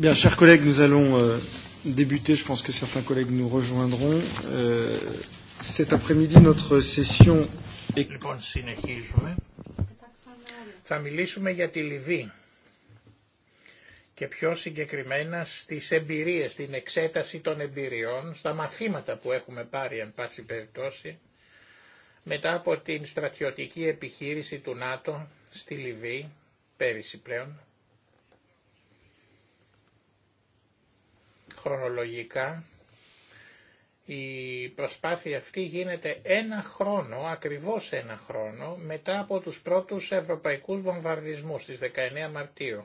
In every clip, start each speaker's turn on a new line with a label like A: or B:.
A: Bien, chers collègues, nous allons euh, débuter. Je pense que certains collègues nous rejoindront. Euh, cet après-midi, notre session
B: est... Λοιπόν, Θα μιλήσουμε για τη Λιβύη και πιο συγκεκριμένα στις εμπειρίες, στην εξέταση των εμπειριών, στα μαθήματα που έχουμε πάρει, εν πάση περιπτώσει, μετά από την στρατιωτική επιχείρηση του ΝΑΤΟ στη Λιβύη, πέρυσι πλέον, χρονολογικά η προσπάθεια αυτή γίνεται ένα χρόνο, ακριβώς ένα χρόνο, μετά από τους πρώτους ευρωπαϊκούς βομβαρδισμούς στις 19 Μαρτίου.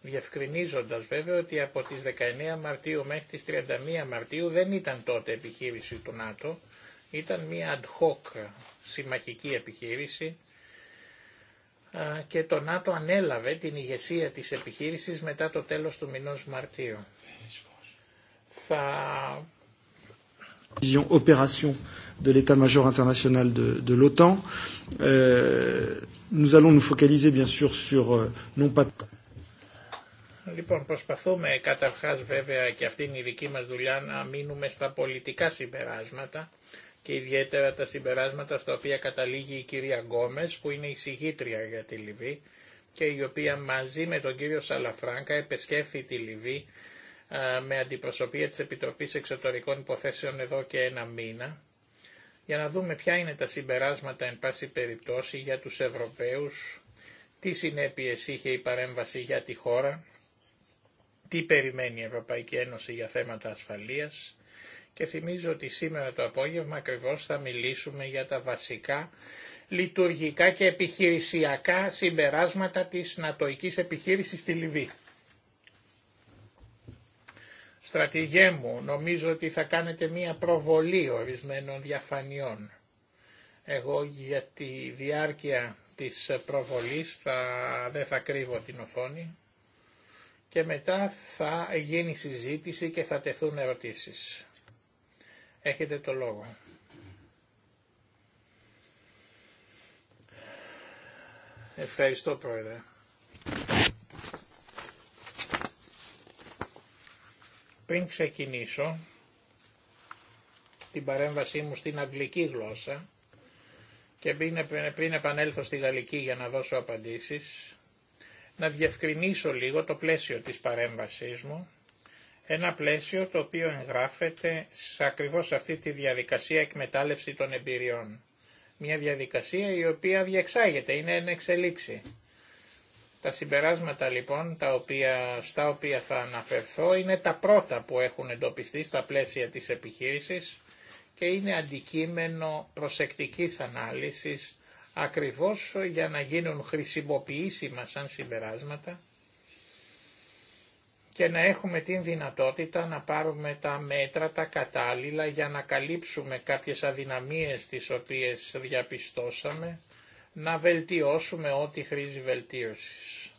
B: Διευκρινίζοντας βέβαια ότι από τις 19 Μαρτίου μέχρι τις 31 Μαρτίου δεν ήταν τότε επιχείρηση του ΝΑΤΟ, ήταν μια ad hoc συμμαχική επιχείρηση και το ΝΑΤΟ ανέλαβε την ηγεσία της επιχείρησης μετά το τέλος του μηνός Μαρτίου θα
A: de l'état-major
B: Λοιπόν, προσπαθούμε καταρχάς βέβαια και αυτή είναι η δική μας δουλειά να μείνουμε στα πολιτικά συμπεράσματα και ιδιαίτερα τα συμπεράσματα στα οποία καταλήγει η κυρία Γκόμες που είναι η συγγήτρια για τη Λιβύη και η οποία μαζί με τον κύριο Σαλαφράγκα επεσκέφθη τη Λιβύη ε, με αντιπροσωπεία της Επιτροπής Εξωτερικών Υποθέσεων εδώ και ένα μήνα, για να δούμε ποια είναι τα συμπεράσματα εν πάση περιπτώσει για τους Ευρωπαίους, τι συνέπειες είχε η παρέμβαση για τη χώρα, τι περιμένει η Ευρωπαϊκή Ένωση για θέματα ασφαλείας και θυμίζω ότι σήμερα το απόγευμα ακριβώς θα μιλήσουμε για τα βασικά λειτουργικά και επιχειρησιακά συμπεράσματα της νατοικής επιχείρησης στη Λιβύη. Στρατηγέ μου, νομίζω ότι θα κάνετε μία προβολή ορισμένων διαφανειών. Εγώ για τη διάρκεια της προβολής θα, δεν θα κρύβω την οθόνη και μετά θα γίνει συζήτηση και θα τεθούν ερωτήσεις. Έχετε το λόγο. Ευχαριστώ πρόεδρε. Πριν ξεκινήσω την παρέμβασή μου στην αγγλική γλώσσα και πριν επανέλθω στη γαλλική για να δώσω απαντήσεις, να διευκρινίσω λίγο το πλαίσιο της παρέμβασής μου, ένα πλαίσιο το οποίο εγγράφεται σε ακριβώς αυτή τη διαδικασία εκμετάλλευση των εμπειριών. Μια διαδικασία η οποία διεξάγεται, είναι εν εξελίξη. Τα συμπεράσματα λοιπόν τα οποία, στα οποία θα αναφερθώ είναι τα πρώτα που έχουν εντοπιστεί στα πλαίσια της επιχείρησης και είναι αντικείμενο προσεκτικής ανάλυσης ακριβώς για να γίνουν χρησιμοποιήσιμα σαν συμπεράσματα και να έχουμε την δυνατότητα να πάρουμε τα μέτρα τα κατάλληλα για να καλύψουμε κάποιες αδυναμίες τις οποίες διαπιστώσαμε να βελτιώσουμε ό,τι χρήζει βελτίωσης.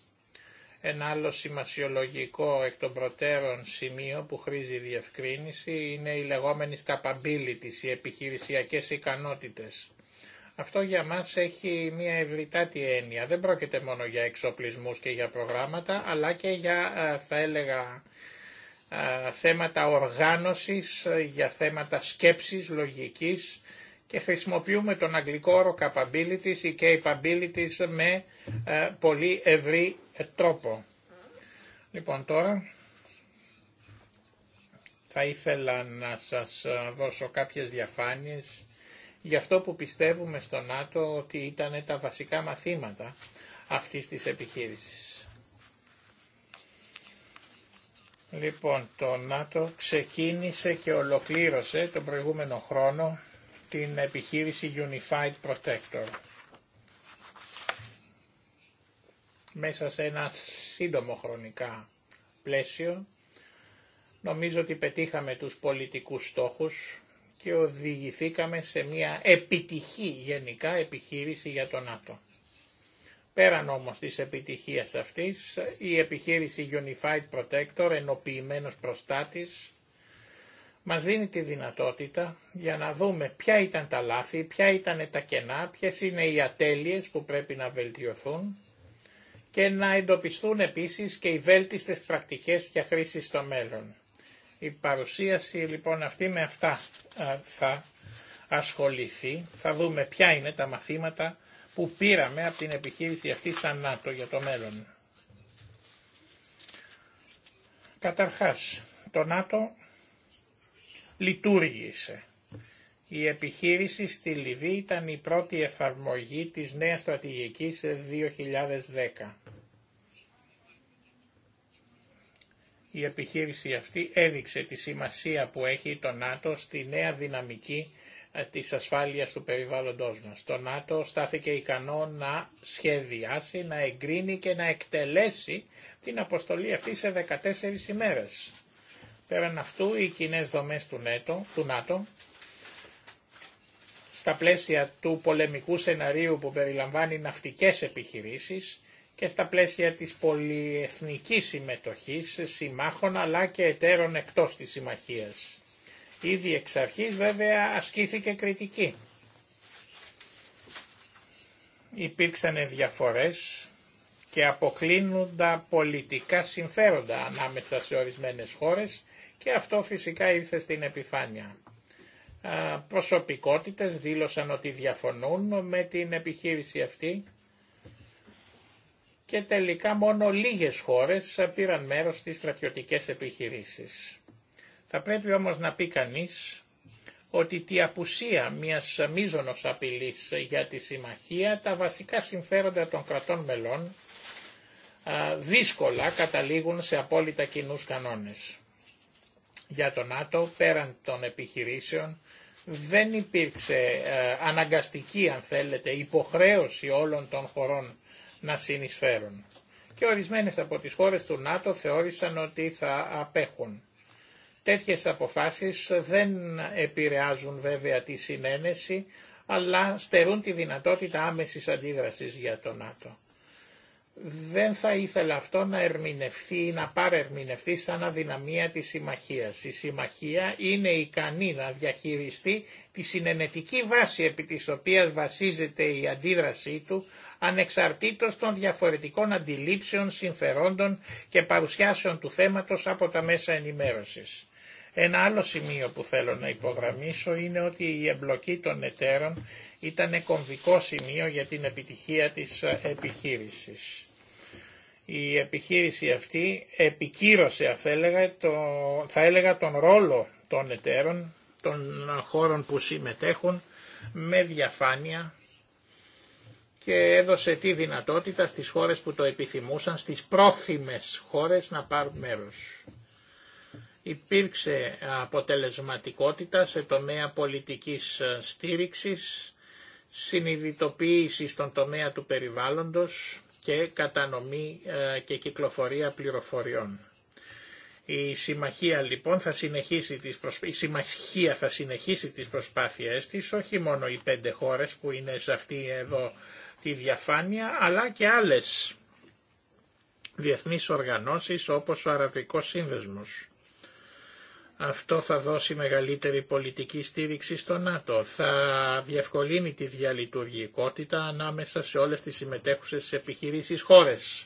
B: Ένα άλλο σημασιολογικό εκ των προτέρων σημείο που χρήζει διευκρίνηση είναι οι λεγόμενες capabilities, οι επιχειρησιακές ικανότητες. Αυτό για μας έχει μια ευρυτάτη έννοια. Δεν πρόκειται μόνο για εξοπλισμούς και για προγράμματα, αλλά και για, ε, ε, θέματα οργάνωσης, ε, για θέματα σκέψης, λογικής, και χρησιμοποιούμε τον αγγλικό όρο capabilities ή capabilities με ε, πολύ ευρύ ε, τρόπο. Λοιπόν τώρα θα ήθελα να σας ε, δώσω κάποιες διαφάνειες για αυτό που πιστεύουμε στο ΝΑΤΟ ότι ήταν τα βασικά μαθήματα αυτής της επιχείρησης. Λοιπόν, το ΝΑΤΟ ξεκίνησε και ολοκλήρωσε τον προηγούμενο χρόνο την επιχείρηση Unified Protector. Μέσα σε ένα σύντομο χρονικά πλαίσιο, νομίζω ότι πετύχαμε τους πολιτικούς στόχους και οδηγηθήκαμε σε μια επιτυχή γενικά επιχείρηση για τον ΝΑΤΟ. Πέραν όμως της επιτυχίας αυτής, η επιχείρηση Unified Protector, ενοποιημένος προστάτης, μας δίνει τη δυνατότητα για να δούμε ποια ήταν τα λάθη, ποια ήταν τα κενά, ποιες είναι οι ατέλειες που πρέπει να βελτιωθούν και να εντοπιστούν επίσης και οι βέλτιστες πρακτικές για χρήση στο μέλλον. Η παρουσίαση λοιπόν αυτή με αυτά θα ασχοληθεί, θα δούμε ποια είναι τα μαθήματα που πήραμε από την επιχείρηση αυτή σαν ΝΑΤΟ για το μέλλον. Καταρχάς, το ΝΑΤΟ λειτουργήσε. Η επιχείρηση στη Λιβύη ήταν η πρώτη εφαρμογή της νέας στρατηγικής 2010. Η επιχείρηση αυτή έδειξε τη σημασία που έχει το ΝΑΤΟ στη νέα δυναμική ε, της ασφάλειας του περιβάλλοντός μας. Το ΝΑΤΟ στάθηκε ικανό να σχεδιάσει, να εγκρίνει και να εκτελέσει την αποστολή αυτή σε 14 ημέρες. Πέραν αυτού, οι κοινέ δομέ του, του ΝΑΤΟ, στα πλαίσια του πολεμικού σεναρίου που περιλαμβάνει ναυτικέ επιχειρήσει και στα πλαίσια της πολυεθνικής συμμετοχής συμμάχων αλλά και εταίρων εκτός της συμμαχίας. Ήδη εξ αρχή βέβαια ασκήθηκε κριτική. Υπήρξαν διαφορές και αποκλίνοντα πολιτικά συμφέροντα ανάμεσα σε ορισμένες χώρες και αυτό φυσικά ήρθε στην επιφάνεια. Προσωπικότητες δήλωσαν ότι διαφωνούν με την επιχείρηση αυτή και τελικά μόνο λίγες χώρες πήραν μέρος στις στρατιωτικές επιχειρήσεις. Θα πρέπει όμως να πει κανείς ότι τη απουσία μιας μίζωνος απειλής για τη συμμαχία τα βασικά συμφέροντα των κρατών μελών δύσκολα καταλήγουν σε απόλυτα κοινούς κανόνες για το ΝΑΤΟ πέραν των επιχειρήσεων δεν υπήρξε ε, αναγκαστική αν θέλετε υποχρέωση όλων των χωρών να συνεισφέρουν. Και ορισμένες από τις χώρες του ΝΑΤΟ θεώρησαν ότι θα απέχουν. Τέτοιες αποφάσεις δεν επηρεάζουν βέβαια τη συνένεση, αλλά στερούν τη δυνατότητα άμεσης αντίδρασης για το ΝΑΤΟ δεν θα ήθελα αυτό να ερμηνευθεί ή να παρερμηνευθεί σαν αδυναμία της συμμαχίας. Η συμμαχία είναι ικανή να διαχειριστεί τη συνενετική βάση επί της οποίας βασίζεται η αντίδρασή του ανεξαρτήτως των διαφορετικών αντιλήψεων, συμφερόντων και παρουσιάσεων του θέματος από τα μέσα ενημέρωσης. Ένα άλλο σημείο που θέλω να υπογραμμίσω είναι ότι η εμπλοκή των εταίρων ήταν κομβικό σημείο για την επιτυχία της επιχείρησης. Η επιχείρηση αυτή επικύρωσε, θα έλεγα, το, θα έλεγα τον ρόλο των εταίρων, των χώρων που συμμετέχουν με διαφάνεια και έδωσε τη δυνατότητα στις χώρες που το επιθυμούσαν, στις πρόθυμες χώρες να πάρουν μέρος. Υπήρξε αποτελεσματικότητα σε τομέα πολιτικής στήριξης, συνειδητοποίηση στον τομέα του περιβάλλοντος, και κατανομή ε, και κυκλοφορία πληροφοριών. Η συμμαχία λοιπόν θα συνεχίσει τις προσπά... η συμμαχία θα συνεχίσει τις προσπάθειές της, όχι μόνο οι πέντε χώρες που είναι σε αυτή εδώ τη διαφάνεια, αλλά και άλλες διεθνείς οργανώσεις όπως ο Αραβικός Σύνδεσμος. Αυτό θα δώσει μεγαλύτερη πολιτική στήριξη στο ΝΑΤΟ, θα διευκολύνει τη διαλειτουργικότητα ανάμεσα σε όλες τις συμμετέχουσες επιχειρήσεις χώρες.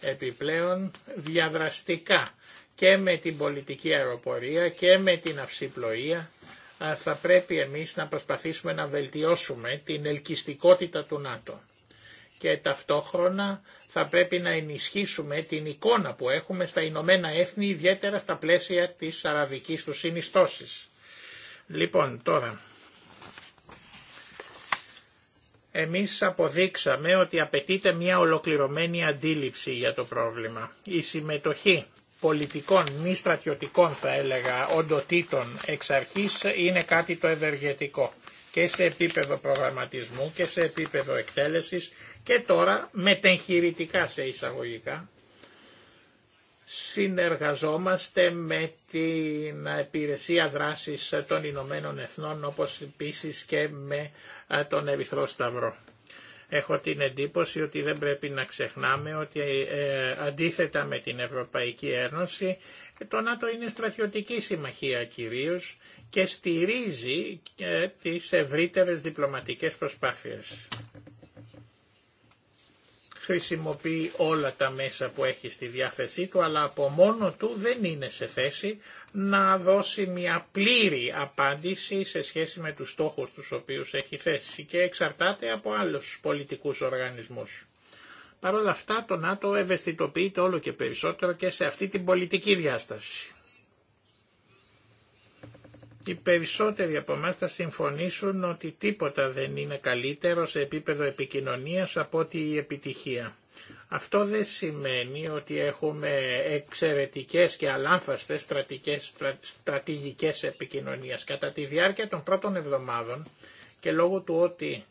B: Επιπλέον διαδραστικά και με την πολιτική αεροπορία και με την αυσιπλοεία θα πρέπει εμείς να προσπαθήσουμε να βελτιώσουμε την ελκυστικότητα του ΝΑΤΟ και ταυτόχρονα θα πρέπει να ενισχύσουμε την εικόνα που έχουμε στα Ηνωμένα Έθνη, ιδιαίτερα στα πλαίσια της αραβικής του συνιστώσης. Λοιπόν, τώρα, εμείς αποδείξαμε ότι απαιτείται μια ολοκληρωμένη αντίληψη για το πρόβλημα. Η συμμετοχή πολιτικών, μη στρατιωτικών θα έλεγα, οντοτήτων εξ αρχής είναι κάτι το ευεργετικό και σε επίπεδο προγραμματισμού και σε επίπεδο εκτέλεσης και τώρα μετεγχειρητικά σε εισαγωγικά συνεργαζόμαστε με την υπηρεσία δράσης των Ηνωμένων Εθνών όπως επίσης και με τον Ερυθρό Σταυρό. Έχω την εντύπωση ότι δεν πρέπει να ξεχνάμε ότι ε, αντίθετα με την Ευρωπαϊκή Ένωση το ΝΑΤΟ είναι στρατιωτική συμμαχία κυρίως και στηρίζει ε, τις ευρύτερες διπλωματικές προσπάθειες χρησιμοποιεί όλα τα μέσα που έχει στη διάθεσή του, αλλά από μόνο του δεν είναι σε θέση να δώσει μια πλήρη απάντηση σε σχέση με τους στόχους τους οποίους έχει θέσει και εξαρτάται από άλλους πολιτικούς οργανισμούς. Παρ' όλα αυτά το ΝΑΤΟ ευαισθητοποιείται όλο και περισσότερο και σε αυτή την πολιτική διάσταση. Οι περισσότεροι από εμά θα συμφωνήσουν ότι τίποτα δεν είναι καλύτερο σε επίπεδο επικοινωνίας από ότι η επιτυχία. Αυτό δεν σημαίνει ότι έχουμε εξαιρετικές και στρατικές στρατηγικές επικοινωνίες. Κατά τη διάρκεια των πρώτων εβδομάδων και λόγω του ότι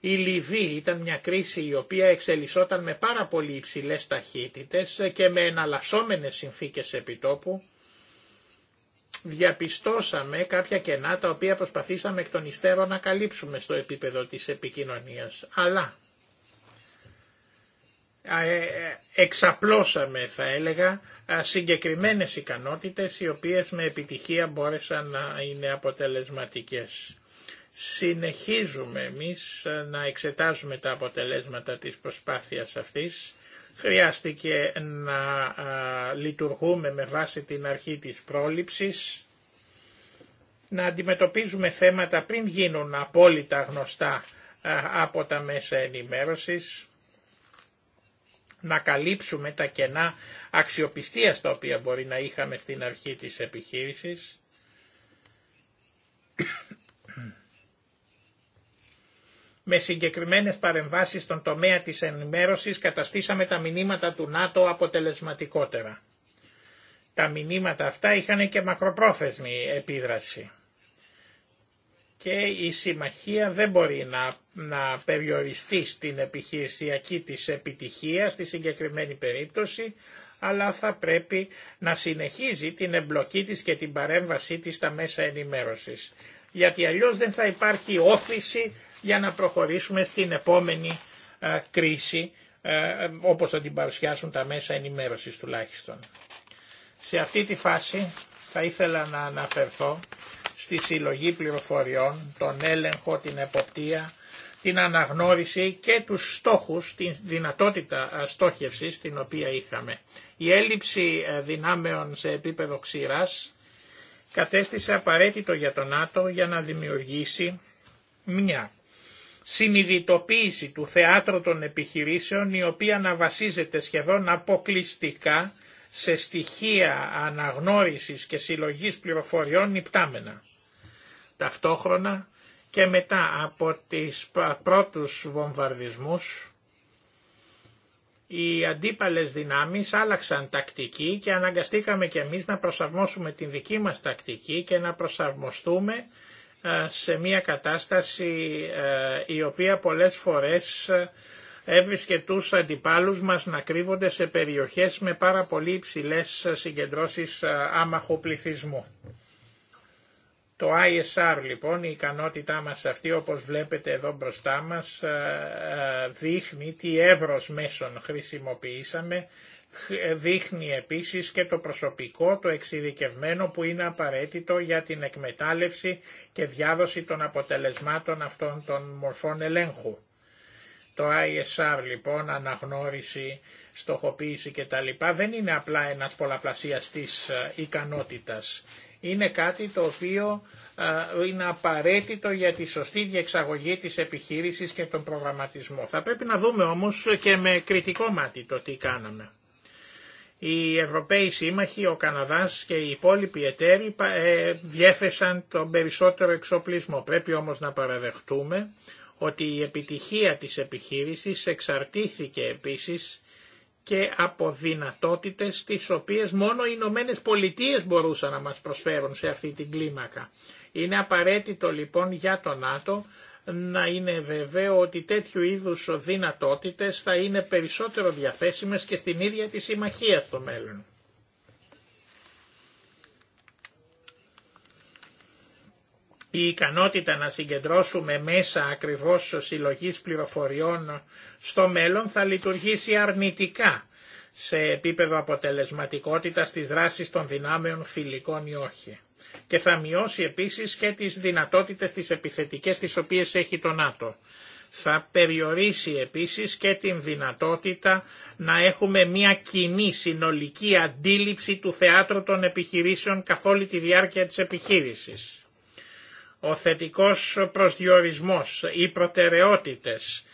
B: η Λιβύη ήταν μια κρίση η οποία εξελισσόταν με πάρα πολύ υψηλές ταχύτητες και με εναλλασσόμενες συνθήκες επιτόπου, διαπιστώσαμε κάποια κενά τα οποία προσπαθήσαμε εκ των υστέρων να καλύψουμε στο επίπεδο της επικοινωνίας. Αλλά ε, ε, εξαπλώσαμε θα έλεγα συγκεκριμένες ικανότητες οι οποίες με επιτυχία μπόρεσαν να είναι αποτελεσματικές. Συνεχίζουμε εμείς να εξετάζουμε τα αποτελέσματα της προσπάθειας αυτής Χρειάστηκε να λειτουργούμε με βάση την αρχή της πρόληψης, να αντιμετωπίζουμε θέματα πριν γίνουν απόλυτα γνωστά από τα μέσα ενημέρωσης, να καλύψουμε τα κενά αξιοπιστίας τα οποία μπορεί να είχαμε στην αρχή της επιχείρησης, με συγκεκριμένες παρεμβάσεις στον τομέα της ενημέρωσης καταστήσαμε τα μηνύματα του ΝΑΤΟ αποτελεσματικότερα. Τα μηνύματα αυτά είχαν και μακροπρόθεσμη επίδραση. Και η συμμαχία δεν μπορεί να, να περιοριστεί στην επιχειρησιακή της επιτυχία στη συγκεκριμένη περίπτωση, αλλά θα πρέπει να συνεχίζει την εμπλοκή της και την παρέμβασή της στα μέσα ενημέρωσης. Γιατί αλλιώς δεν θα υπάρχει όθηση για να προχωρήσουμε στην επόμενη ε, κρίση ε, όπως θα την παρουσιάσουν τα μέσα ενημέρωσης τουλάχιστον. Σε αυτή τη φάση θα ήθελα να αναφερθώ στη συλλογή πληροφοριών, τον έλεγχο, την εποπτεία, την αναγνώριση και τους στόχους, την δυνατότητα ε, στόχευσης την οποία είχαμε. Η έλλειψη δυνάμεων σε επίπεδο ξηράς κατέστησε απαραίτητο για τον ΝΑΤΟ για να δημιουργήσει μια συνειδητοποίηση του θεάτρου των επιχειρήσεων η οποία να βασίζεται σχεδόν αποκλειστικά σε στοιχεία αναγνώρισης και συλλογής πληροφοριών υπτάμενα. Ταυτόχρονα και μετά από τις πρώτους βομβαρδισμούς οι αντίπαλες δυνάμεις άλλαξαν τακτική και αναγκαστήκαμε και εμείς να προσαρμόσουμε την δική μας τακτική και να προσαρμοστούμε ε, σε μια κατάσταση ε, η οποία πολλές φορές ε, έβρισκε τους αντιπάλους μας να κρύβονται σε περιοχές με πάρα πολύ υψηλές συγκεντρώσεις άμαχου πληθυσμού. Το ISR λοιπόν, η ικανότητά μας αυτή όπως βλέπετε εδώ μπροστά μας δείχνει τι εύρος μέσων χρησιμοποιήσαμε ε, δείχνει επίσης και το προσωπικό το εξειδικευμένο που είναι απαραίτητο για την εκμετάλλευση και διάδοση των αποτελεσμάτων αυτών των μορφών ελέγχου. Το ISR λοιπόν, αναγνώριση, στοχοποίηση κτλ. δεν είναι απλά ένας πολλαπλασιαστής ε, ικανότητας. Είναι κάτι το οποίο ε, είναι απαραίτητο για τη σωστή διεξαγωγή της επιχείρησης και τον προγραμματισμό. Θα πρέπει να δούμε όμως και με κριτικό μάτι το τι κάναμε. Οι Ευρωπαίοι Σύμμαχοι, ο Καναδάς και οι υπόλοιποι εταίροι ε, διέθεσαν τον περισσότερο εξοπλισμό. Πρέπει όμως να παραδεχτούμε ότι η επιτυχία της επιχείρησης εξαρτήθηκε επίσης και από δυνατότητες τις οποίες μόνο οι Ηνωμένε Πολιτείες μπορούσαν να μας προσφέρουν σε αυτή την κλίμακα. Είναι απαραίτητο λοιπόν για το ΝΑΤΟ να είναι βέβαιο ότι τέτοιου είδους δυνατότητες θα είναι περισσότερο διαθέσιμες και στην ίδια τη συμμαχία στο μέλλον. η ικανότητα να συγκεντρώσουμε μέσα ακριβώς συλλογής πληροφοριών στο μέλλον θα λειτουργήσει αρνητικά σε επίπεδο αποτελεσματικότητας της δράσης των δυνάμεων φιλικών ή όχι. Και θα μειώσει επίσης και τις δυνατότητες τις επιθετικές τις οποίες έχει το ΝΑΤΟ. Θα περιορίσει επίσης και την δυνατότητα να έχουμε μια κοινή συνολική αντίληψη του θεάτρου των επιχειρήσεων καθ' όλη τη διάρκεια της επιχείρησης. Ο θετικός προσδιορισμός, οι προτεραιότητες,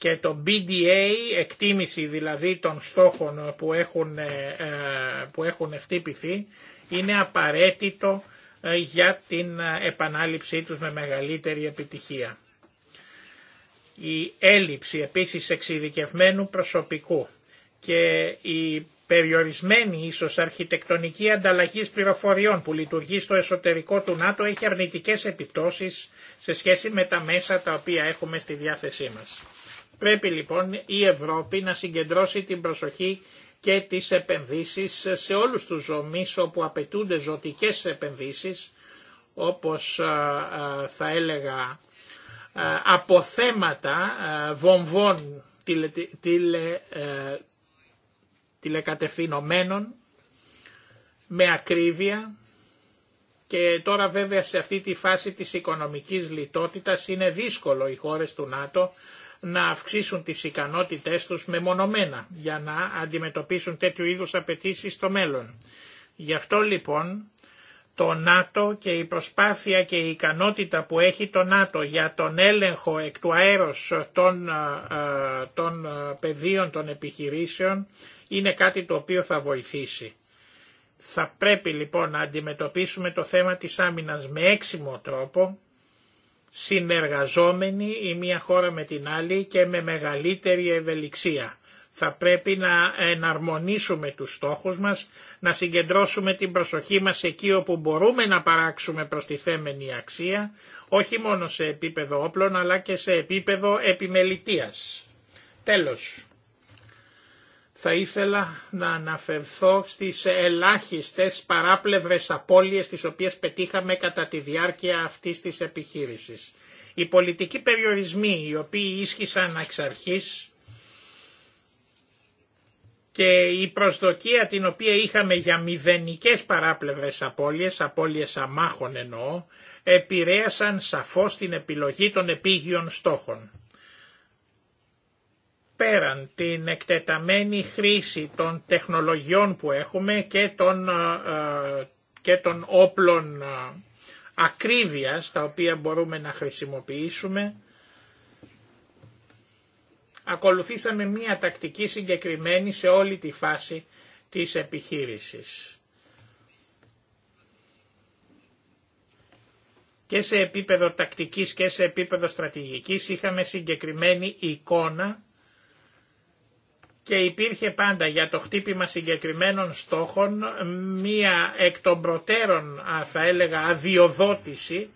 B: και το BDA, εκτίμηση δηλαδή των στόχων που έχουν, ε, ε, που έχουν χτύπηθει, είναι απαραίτητο ε, για την επανάληψή τους με μεγαλύτερη επιτυχία. Η έλλειψη επίσης εξειδικευμένου προσωπικού και η περιορισμένη ίσως αρχιτεκτονική ανταλλαγής πληροφοριών που λειτουργεί στο εσωτερικό του ΝΑΤΟ έχει αρνητικές επιπτώσεις σε σχέση με τα μέσα τα οποία έχουμε στη διάθεσή μας. Πρέπει λοιπόν η Ευρώπη να συγκεντρώσει την προσοχή και τις επενδύσεις σε όλους τους ζωμείς όπου απαιτούνται ζωτικές επενδύσεις, όπως θα έλεγα αποθέματα βομβών τηλε, τηλε, ε, τηλεκατευθυνωμένων με ακρίβεια και τώρα βέβαια σε αυτή τη φάση της οικονομικής λιτότητας είναι δύσκολο οι χώρες του ΝΑΤΟ να αυξήσουν τις ικανότητές τους μεμονωμένα για να αντιμετωπίσουν τέτοιου είδους απαιτήσει στο μέλλον. Γι' αυτό λοιπόν το ΝΑΤΟ και η προσπάθεια και η ικανότητα που έχει το ΝΑΤΟ για τον έλεγχο εκ του αέρος των, ε, των ε, πεδίων των επιχειρήσεων είναι κάτι το οποίο θα βοηθήσει. Θα πρέπει λοιπόν να αντιμετωπίσουμε το θέμα της άμυνας με έξιμο τρόπο συνεργαζόμενοι η μία χώρα με την άλλη και με μεγαλύτερη ευελιξία. Θα πρέπει να εναρμονίσουμε τους στόχους μας, να συγκεντρώσουμε την προσοχή μας εκεί όπου μπορούμε να παράξουμε προστιθέμενη αξία, όχι μόνο σε επίπεδο όπλων αλλά και σε επίπεδο επιμελητίας. Τέλος θα ήθελα να αναφερθώ στις ελάχιστες παράπλευρες απώλειες τις οποίες πετύχαμε κατά τη διάρκεια αυτής της επιχείρησης. Οι πολιτικοί περιορισμοί οι οποίοι ίσχυσαν εξ αρχής και η προσδοκία την οποία είχαμε για μηδενικές παράπλευρες απώλειες, απώλειες αμάχων εννοώ, επηρέασαν σαφώς την επιλογή των επίγειων στόχων πέραν την εκτεταμένη χρήση των τεχνολογιών που έχουμε και των, ε, ε, και των όπλων ε, ακρίβειας τα οποία μπορούμε να χρησιμοποιήσουμε, ακολουθήσαμε μία τακτική συγκεκριμένη σε όλη τη φάση της επιχείρησης. Και σε επίπεδο τακτικής και σε επίπεδο στρατηγικής είχαμε συγκεκριμένη εικόνα και υπήρχε πάντα για το χτύπημα συγκεκριμένων στόχων μία εκ των προτέρων θα έλεγα αδειοδότηση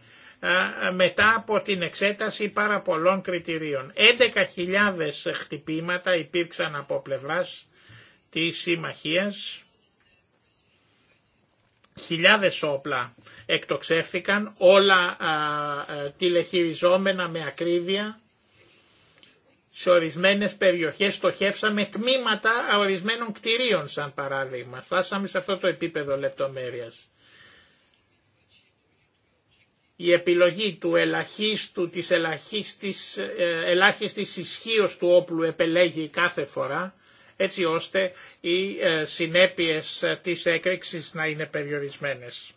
B: μετά από την εξέταση πάρα πολλών κριτηρίων. 11.000 χτυπήματα υπήρξαν από πλευράς της συμμαχίας, χιλιάδες όπλα εκτοξεύθηκαν, όλα τηλεχειριζόμενα με ακρίβεια σε ορισμένες περιοχές στοχεύσαμε τμήματα ορισμένων κτηρίων σαν παράδειγμα. Φτάσαμε σε αυτό το επίπεδο λεπτομέρειας. Η επιλογή του ελαχίστου, της ελαχίστης, ε, ελάχιστης ισχύω του όπλου επελέγει κάθε φορά έτσι ώστε οι ε, συνέπειες της έκρηξης να είναι περιορισμένες.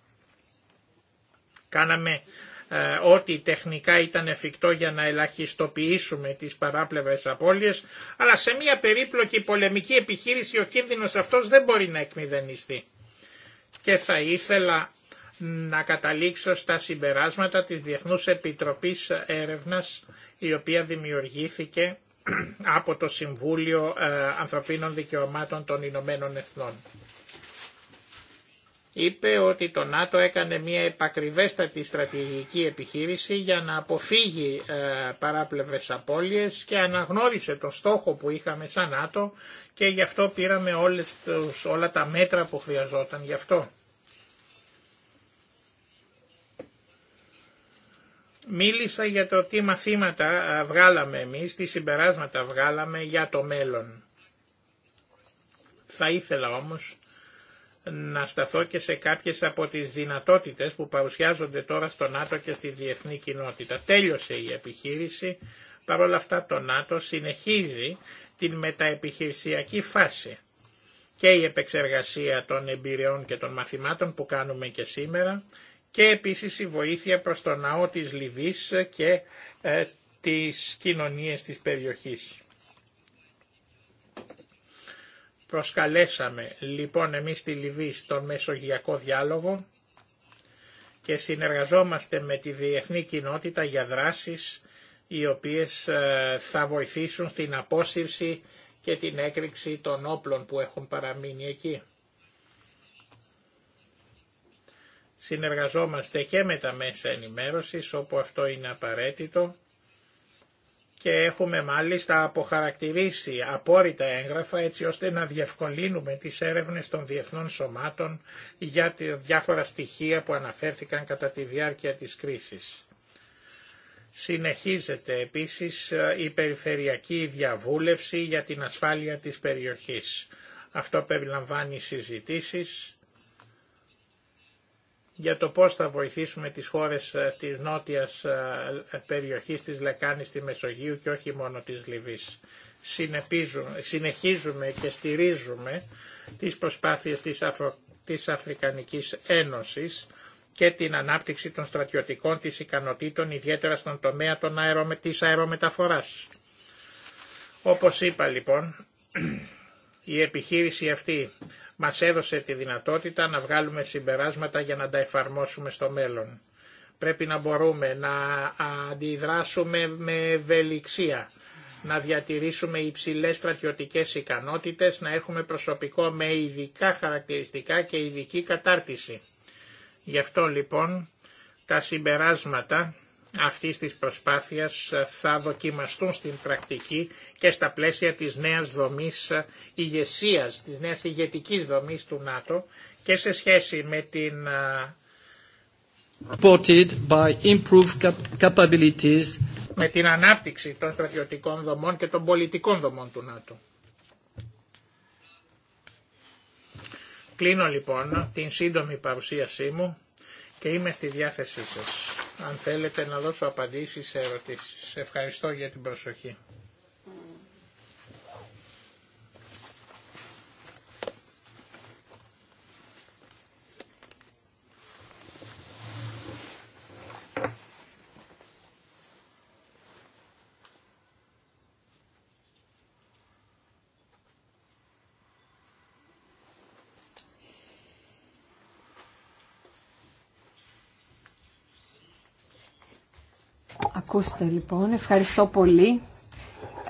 B: Κάναμε ε, ό,τι τεχνικά ήταν εφικτό για να ελαχιστοποιήσουμε τις παράπλευρες απώλειες, αλλά σε μια περίπλοκη πολεμική επιχείρηση ο κίνδυνος αυτός δεν μπορεί να εκμηδενιστεί. Και θα ήθελα να καταλήξω στα συμπεράσματα της Διεθνούς Επιτροπής Έρευνας η οποία δημιουργήθηκε από το Συμβούλιο ε, Ανθρωπίνων Δικαιωμάτων των Ηνωμένων Εθνών είπε ότι το ΝΑΤΟ έκανε μια επακριβέστατη στρατηγική επιχείρηση για να αποφύγει ε, παράπλευρες απώλειες και αναγνώρισε το στόχο που είχαμε σαν ΝΑΤΟ και γι' αυτό πήραμε όλες, όλα τα μέτρα που χρειαζόταν γι' αυτό. Μίλησα για το τι μαθήματα ε, βγάλαμε εμείς, τι συμπεράσματα βγάλαμε για το μέλλον. Θα ήθελα όμως να σταθώ και σε κάποιες από τις δυνατότητες που παρουσιάζονται τώρα στο ΝΑΤΟ και στη διεθνή κοινότητα. Τέλειωσε η επιχείρηση, παρόλα αυτά το ΝΑΤΟ συνεχίζει την μεταεπιχειρησιακή φάση και η επεξεργασία των εμπειριών και των μαθημάτων που κάνουμε και σήμερα και επίσης η βοήθεια προς το ναό της Λιβύης και ε, τις κοινωνίες της περιοχής. Προσκαλέσαμε λοιπόν εμείς στη Λιβύη στον Μεσογειακό Διάλογο και συνεργαζόμαστε με τη διεθνή κοινότητα για δράσεις οι οποίες ε, θα βοηθήσουν στην απόσυρση και την έκρηξη των όπλων που έχουν παραμείνει εκεί. Συνεργαζόμαστε και με τα μέσα ενημέρωσης όπου αυτό είναι απαραίτητο και έχουμε μάλιστα αποχαρακτηρίσει απόρριτα έγγραφα έτσι ώστε να διευκολύνουμε τις έρευνες των διεθνών σωμάτων για τα διάφορα στοιχεία που αναφέρθηκαν κατά τη διάρκεια της κρίσης. Συνεχίζεται επίσης ε, η περιφερειακή διαβούλευση για την ασφάλεια της περιοχής. Αυτό περιλαμβάνει συζητήσεις για το πώς θα βοηθήσουμε τις χώρες ε, της νότιας ε, ε, περιοχής της Λεκάνης τη Μεσογείου και όχι μόνο της Λιβύης. Συνεχίζουμε και στηρίζουμε τις προσπάθειες της, Αφρο... Αφρικανικής Ένωσης και την ανάπτυξη των στρατιωτικών της ικανοτήτων, ιδιαίτερα στον τομέα των αερομε... της αερομεταφοράς. Όπως είπα λοιπόν, η επιχείρηση αυτή μας έδωσε τη δυνατότητα να βγάλουμε συμπεράσματα για να τα εφαρμόσουμε στο μέλλον. Πρέπει να μπορούμε να αντιδράσουμε με ευελιξία, να διατηρήσουμε υψηλές στρατιωτικές ικανότητες, να έχουμε προσωπικό με ειδικά χαρακτηριστικά και ειδική κατάρτιση. Γι' αυτό λοιπόν τα συμπεράσματα αυτή της προσπάθειας ε, θα δοκιμαστούν στην πρακτική και στα πλαίσια της νέας δομής ε, ηγεσίας, της νέας ηγετικής δομής του ΝΑΤΟ και σε σχέση με την ε, by με την ανάπτυξη των στρατιωτικών δομών και των πολιτικών δομών του ΝΑΤΟ. Κλείνω λοιπόν την σύντομη παρουσίασή μου και είμαι στη διάθεσή σας αν θέλετε να δώσω απαντήσεις σε ερωτήσεις. Ευχαριστώ για την προσοχή.
C: Ακούστε λοιπόν, ευχαριστώ πολύ.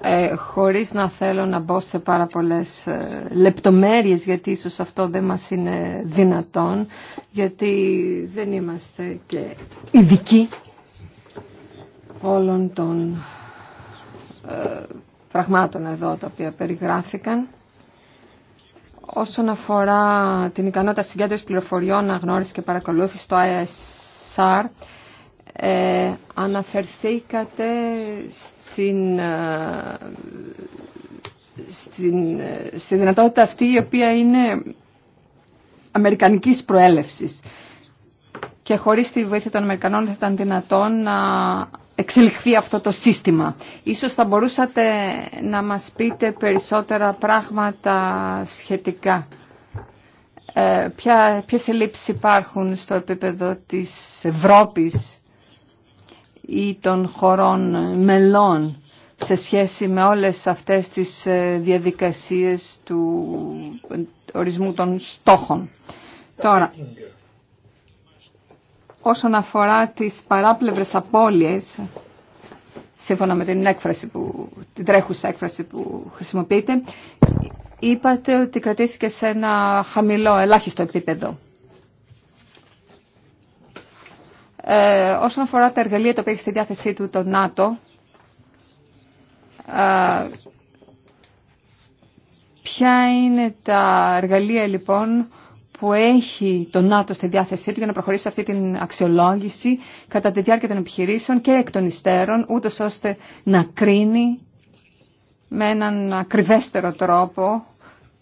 C: Ε, χωρίς να θέλω να μπω σε πάρα πολλές ε, λεπτομέρειες γιατί ίσως αυτό δεν μας είναι δυνατόν γιατί δεν είμαστε και ειδικοί όλων των ε, πραγμάτων εδώ τα οποία περιγράφηκαν. Όσον αφορά την ικανότητα συγκέντρωσης πληροφοριών, αγνώριση και παρακολούθηση το ISR, ε, αναφερθήκατε στην, ε, στην, ε, στη δυνατότητα αυτή η οποία είναι αμερικανικής προέλευσης και χωρίς τη βοήθεια των Αμερικανών θα ήταν δυνατόν να εξελιχθεί αυτό το σύστημα. Ίσως θα μπορούσατε να μας πείτε περισσότερα πράγματα σχετικά. Ε, ποια, ποιες ελλείψεις υπάρχουν στο επίπεδο της Ευρώπης ή των χωρών μελών σε σχέση με όλες αυτές τις ε, διαδικασίες του ε, ορισμού των στόχων. Τώρα, όσον αφορά τις παράπλευρες απώλειες, σύμφωνα με την, έκφραση που, την τρέχουσα έκφραση που χρησιμοποιείτε, είπατε ότι κρατήθηκε σε ένα χαμηλό, ελάχιστο επίπεδο. Ε, όσον αφορά τα εργαλεία που έχει στη διάθεσή του το ΝΑΤΟ, ε, ποια είναι τα εργαλεία λοιπόν που έχει το ΝΑΤΟ στη διάθεσή του για να προχωρήσει αυτή την αξιολόγηση κατά τη διάρκεια των επιχειρήσεων και εκ των υστέρων, ούτω ώστε να κρίνει με έναν ακριβέστερο τρόπο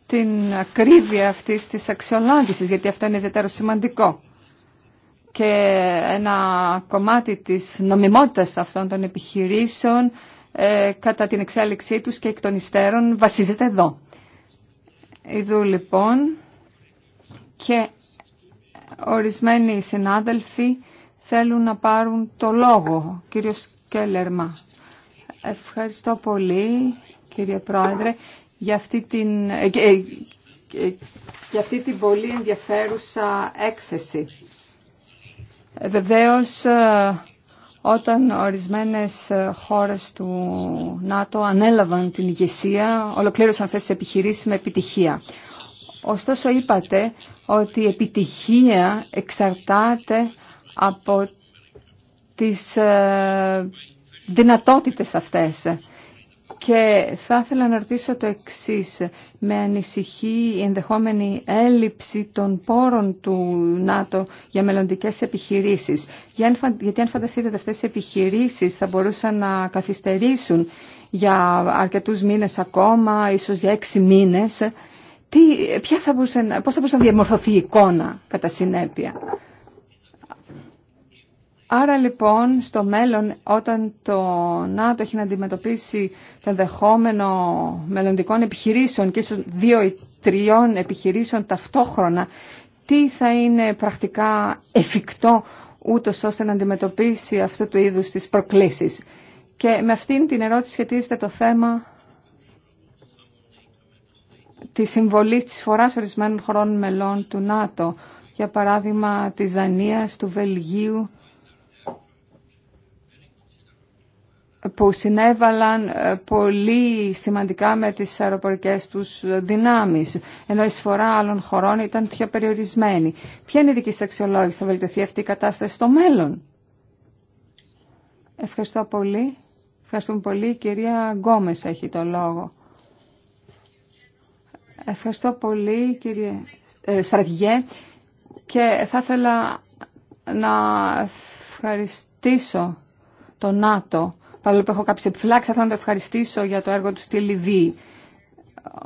C: την ακρίβεια αυτής της αξιολόγησης, γιατί αυτό είναι ιδιαίτερο σημαντικό και ένα κομμάτι της νομιμότητας αυτών των επιχειρήσεων ε, κατά την εξέλιξή τους και εκ των υστέρων βασίζεται εδώ. Ιδού λοιπόν και ορισμένοι συνάδελφοι θέλουν να πάρουν το λόγο. Κύριος Κέλερμα, ευχαριστώ πολύ κύριε Πρόεδρε για αυτή την, ε, ε, για αυτή την πολύ ενδιαφέρουσα έκθεση. Ε, βεβαίως, ε, όταν ορισμένες ε, χώρες του ΝΑΤΟ ανέλαβαν την ηγεσία, ολοκλήρωσαν αυτές τις επιχειρήσεις με επιτυχία. Ωστόσο, είπατε ότι η επιτυχία εξαρτάται από τις δυνατότητες αυτές. Και θα ήθελα να ρωτήσω το εξή Με ανησυχεί η ενδεχόμενη έλλειψη των πόρων του ΝΑΤΟ για μελλοντικέ επιχειρήσεις. Γιατί αν φανταστείτε ότι αυτές οι επιχειρήσεις θα μπορούσαν να καθυστερήσουν για αρκετούς μήνες ακόμα, ίσως για έξι μήνες, τι, θα μπορούσε, πώς θα μπορούσε να διαμορφωθεί η εικόνα κατά συνέπεια. Άρα λοιπόν στο μέλλον όταν το ΝΑΤΟ έχει να αντιμετωπίσει το δεχόμενο μελλοντικών επιχειρήσεων και ίσως δύο ή τριών επιχειρήσεων ταυτόχρονα, τι θα είναι πρακτικά εφικτό ούτω ώστε να αντιμετωπίσει αυτού του είδους τις προκλήσεις. Και με αυτήν την ερώτηση σχετίζεται το θέμα τη συμβολή της φοράς ορισμένων χωρών μελών του ΝΑΤΟ, για παράδειγμα της Δανίας, του Βελγίου, που συνέβαλαν ε, πολύ σημαντικά με τις αεροπορικές τους δυνάμεις, ενώ η σφορά άλλων χωρών ήταν πιο περιορισμένη. Ποια είναι η δική σας αξιολόγηση, θα βελτιωθεί αυτή η κατάσταση στο μέλλον. Ευχαριστώ πολύ. Ευχαριστούμε πολύ. Η κυρία Γκόμες έχει το λόγο. Ευχαριστώ πολύ, κύριε ε, Και θα ήθελα να ευχαριστήσω το ΝΑΤΟ παρόλο που έχω κάποιες επιφυλάξεις, θα ήθελα να το ευχαριστήσω για το έργο του στη Λιβύη.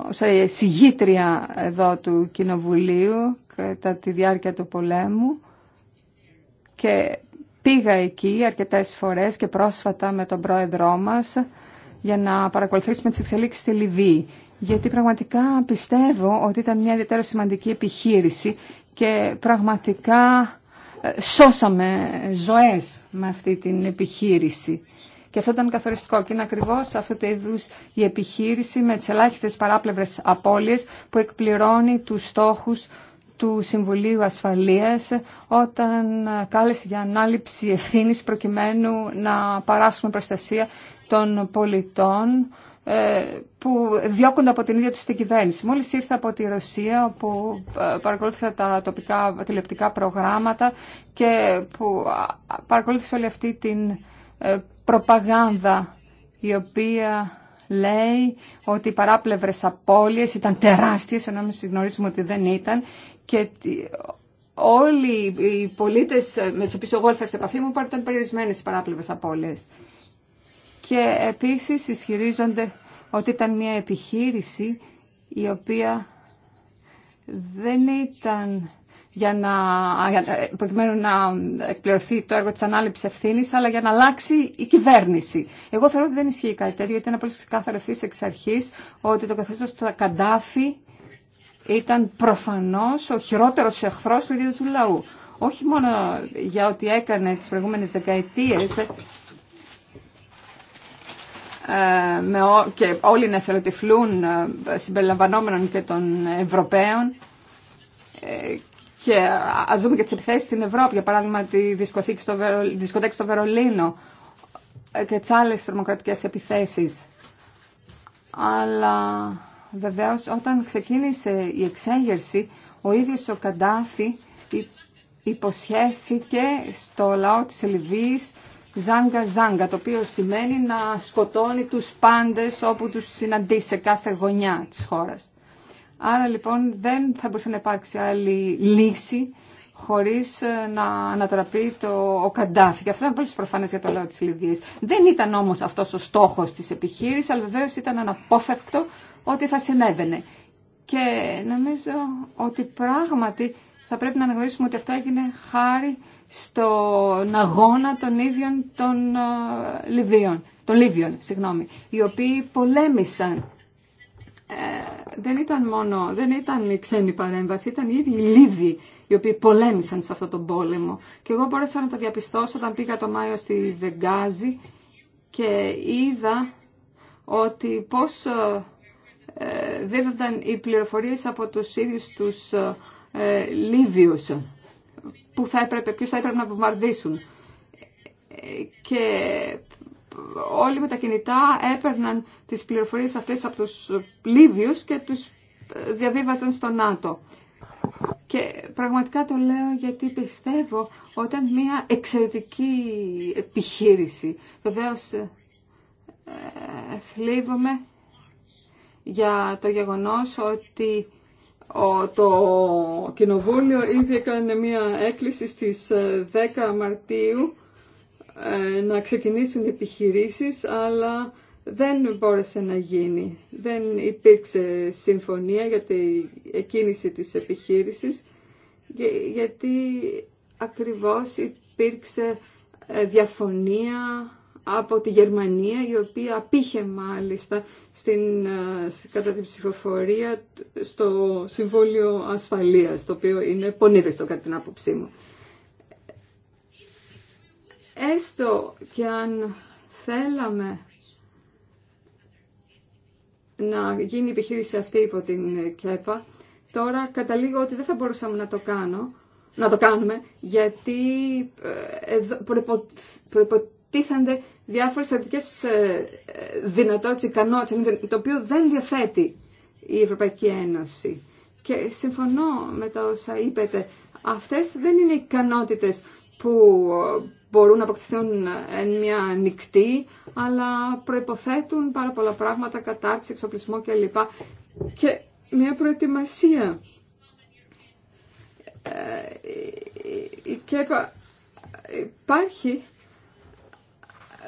C: Ως συγγήτρια εδώ του Κοινοβουλίου κατά τη διάρκεια του πολέμου και πήγα εκεί αρκετές φορές και πρόσφατα με τον πρόεδρό μας για να παρακολουθήσουμε τις εξελίξεις στη Λιβύη. Γιατί πραγματικά πιστεύω ότι ήταν μια ιδιαίτερα σημαντική επιχείρηση και πραγματικά ε, σώσαμε ζωές με αυτή την επιχείρηση. Και αυτό ήταν καθοριστικό. Και είναι ακριβώ αυτό το είδου η επιχείρηση με τι ελάχιστε παράπλευρε απώλειε που εκπληρώνει του στόχου του Συμβουλίου Ασφαλείας όταν κάλεσε για ανάληψη ευθύνη προκειμένου να παράσουμε προστασία των πολιτών ε, που διώκονται από την ίδια τους την κυβέρνηση. Μόλις ήρθα από τη Ρωσία που ε, παρακολούθησα τα τοπικά τηλεπτικά προγράμματα και που παρακολούθησα όλη αυτή την ε, προπαγάνδα η οποία λέει ότι οι παράπλευρες απώλειες ήταν τεράστιες, ενώ συγγνωρίζουμε γνωρίζουμε ότι δεν ήταν και όλοι οι πολίτες με τους οποίους εγώ σε επαφή μου ήταν περιορισμένε οι παράπλευρες απώλειες. Και επίσης ισχυρίζονται ότι ήταν μια επιχείρηση η οποία δεν ήταν για να, προκειμένου να εκπληρωθεί το έργο της ανάληψης ευθύνη, αλλά για να αλλάξει η κυβέρνηση. Εγώ θεωρώ ότι δεν ισχύει κάτι τέτοιο, γιατί είναι πολύ ξεκάθαρο ευθύ εξ αρχής ότι το καθεστώς του Καντάφη ήταν προφανώς ο χειρότερος εχθρός του ίδιου του λαού. Όχι μόνο για ό,τι έκανε τις προηγούμενες δεκαετίες, ε, με ό, και όλοι να θεροτυφλούν ε, συμπεριλαμβανόμενων και των Ευρωπαίων ε, και α δούμε και τι επιθέσει στην Ευρώπη, για παράδειγμα τη δισκοθήκη στο, Βερολίνο ε, και τι άλλε τρομοκρατικέ επιθέσει. Αλλά βεβαίω όταν ξεκίνησε η εξέγερση, ο ίδιο ο Καντάφη υποσχέθηκε στο λαό της Λιβύη Ζάγκα Ζάγκα, το οποίο σημαίνει να σκοτώνει τους πάντες όπου τους συναντήσει σε κάθε γωνιά της χώρας. Άρα λοιπόν δεν θα μπορούσε να υπάρξει άλλη λύση χωρίς ε, να ανατραπεί το, ο Καντάφη. Και αυτό ήταν πολύ προφανέ για το λαό τη Λιβύη. Δεν ήταν όμω αυτός ο στόχος της επιχείρησης, αλλά βεβαίω ήταν αναπόφευκτο ότι θα συνέβαινε. Και νομίζω ότι πράγματι θα πρέπει να αναγνωρίσουμε ότι αυτό έγινε χάρη στον αγώνα των ίδιων των ε, Λιβύων, των Λίβιων, συγγνώμη, οι οποίοι πολέμησαν δεν ήταν μόνο, δεν ήταν η ξένη παρέμβαση, ήταν οι ίδιοι οι Λίβοι οι οποίοι πολέμησαν σε αυτόν τον πόλεμο. Και εγώ μπόρεσα να το διαπιστώσω όταν πήγα το Μάιο στη Βεγγάζη και είδα ότι πώς ε, ε, δίδονταν οι πληροφορίες από τους ίδιους τους ε, Λίβιους που θα έπρεπε, ποιους θα έπρεπε να βομβαρδίσουν και όλοι με τα κινητά έπαιρναν τις πληροφορίες αυτές από τους Λίβιους και τους ε, διαβίβαζαν στο ΝΑΤΟ. Και πραγματικά το λέω γιατί πιστεύω όταν μια εξαιρετική επιχείρηση, βεβαίω ε, θλίβομαι για το γεγονός ότι το Κοινοβούλιο ήδη έκανε μια έκκληση στις 10 ε, Μαρτίου ε, να ξεκινήσουν επιχειρήσεις, αλλά δεν μπόρεσε να γίνει. Δεν υπήρξε συμφωνία για την εκκίνηση της επιχείρησης, γιατί ακριβώς υπήρξε ε, διαφωνία από τη Γερμανία, η οποία απήχε μάλιστα στην, ε, κατά την ψηφοφορία στο Συμβούλιο Ασφαλείας, το οποίο είναι το κατά την άποψή μου. Έστω και αν θέλαμε να γίνει η επιχείρηση αυτή υπό την ΚΕΠΑ, τώρα καταλήγω ότι δεν θα μπορούσαμε να το κάνω, να το κάνουμε, γιατί ε, προποτίθενται διάφορες αρνητικές ε, δυνατότητες, ικανότητες, το οποίο δεν διαθέτει η Ευρωπαϊκή Ένωση. Και συμφωνώ με τα όσα είπετε, αυτές δεν είναι ικανότητες που μπορούν να αποκτηθούν εν μια νυχτή, αλλά προϋποθέτουν πάρα πολλά πράγματα, κατάρτιση, εξοπλισμό κλπ. Και μια προετοιμασία. Ε, και υπάρχει,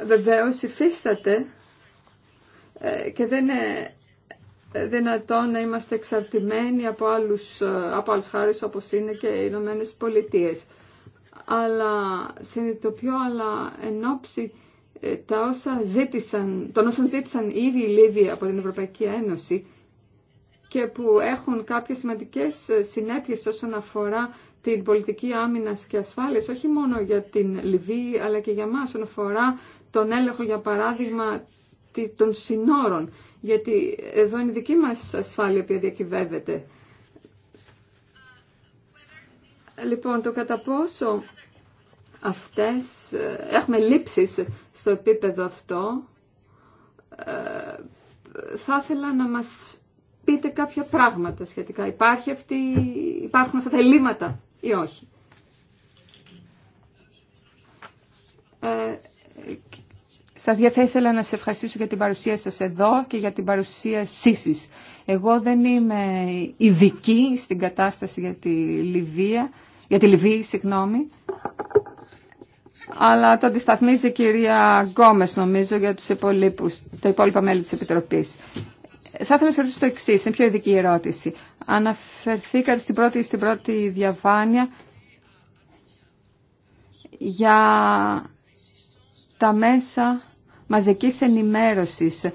C: βεβαίω υφίσταται ε, και δεν είναι δυνατόν να είμαστε εξαρτημένοι από άλλους, ε, από άλλους χάρες όπως είναι και οι Ηνωμένε Πολιτείες αλλά συνειδητοποιώ, αλλά εν ώψη ε, τα όσα ζήτησαν, των όσων ζήτησαν ήδη οι Λίβοι από την Ευρωπαϊκή Ένωση και που έχουν κάποιες σημαντικές ε, συνέπειες όσον αφορά την πολιτική άμυνας και ασφάλειας, όχι μόνο για την Λιβύη, αλλά και για μας όσον αφορά τον έλεγχο, για παράδειγμα, των συνόρων. Γιατί εδώ είναι η δική μας ασφάλεια που διακυβεύεται. Λοιπόν, το κατά πόσο αυτές, ε, έχουμε λήψεις στο επίπεδο αυτό, ε, θα ήθελα να μας πείτε κάποια πράγματα σχετικά. Υπάρχει αυτή, υπάρχουν αυτά τα ελλείμματα ή όχι. Ε, στα ήθελα να σε ευχαριστήσω για την παρουσία σας εδώ και για την παρουσία σύσης. Εγώ δεν είμαι ειδική στην κατάσταση για τη Λιβύα για τη Λιβύη, συγγνώμη. Αλλά το αντισταθμίζει η κυρία Γκόμε, νομίζω, για τους υπολείπου, τα υπόλοιπα μέλη τη Επιτροπή. Θα ήθελα να σα ρωτήσω το εξή, είναι πιο ειδική ερώτηση. Αναφερθήκατε στην πρώτη, στην πρώτη διαφάνεια για τα μέσα μαζικής ενημέρωσης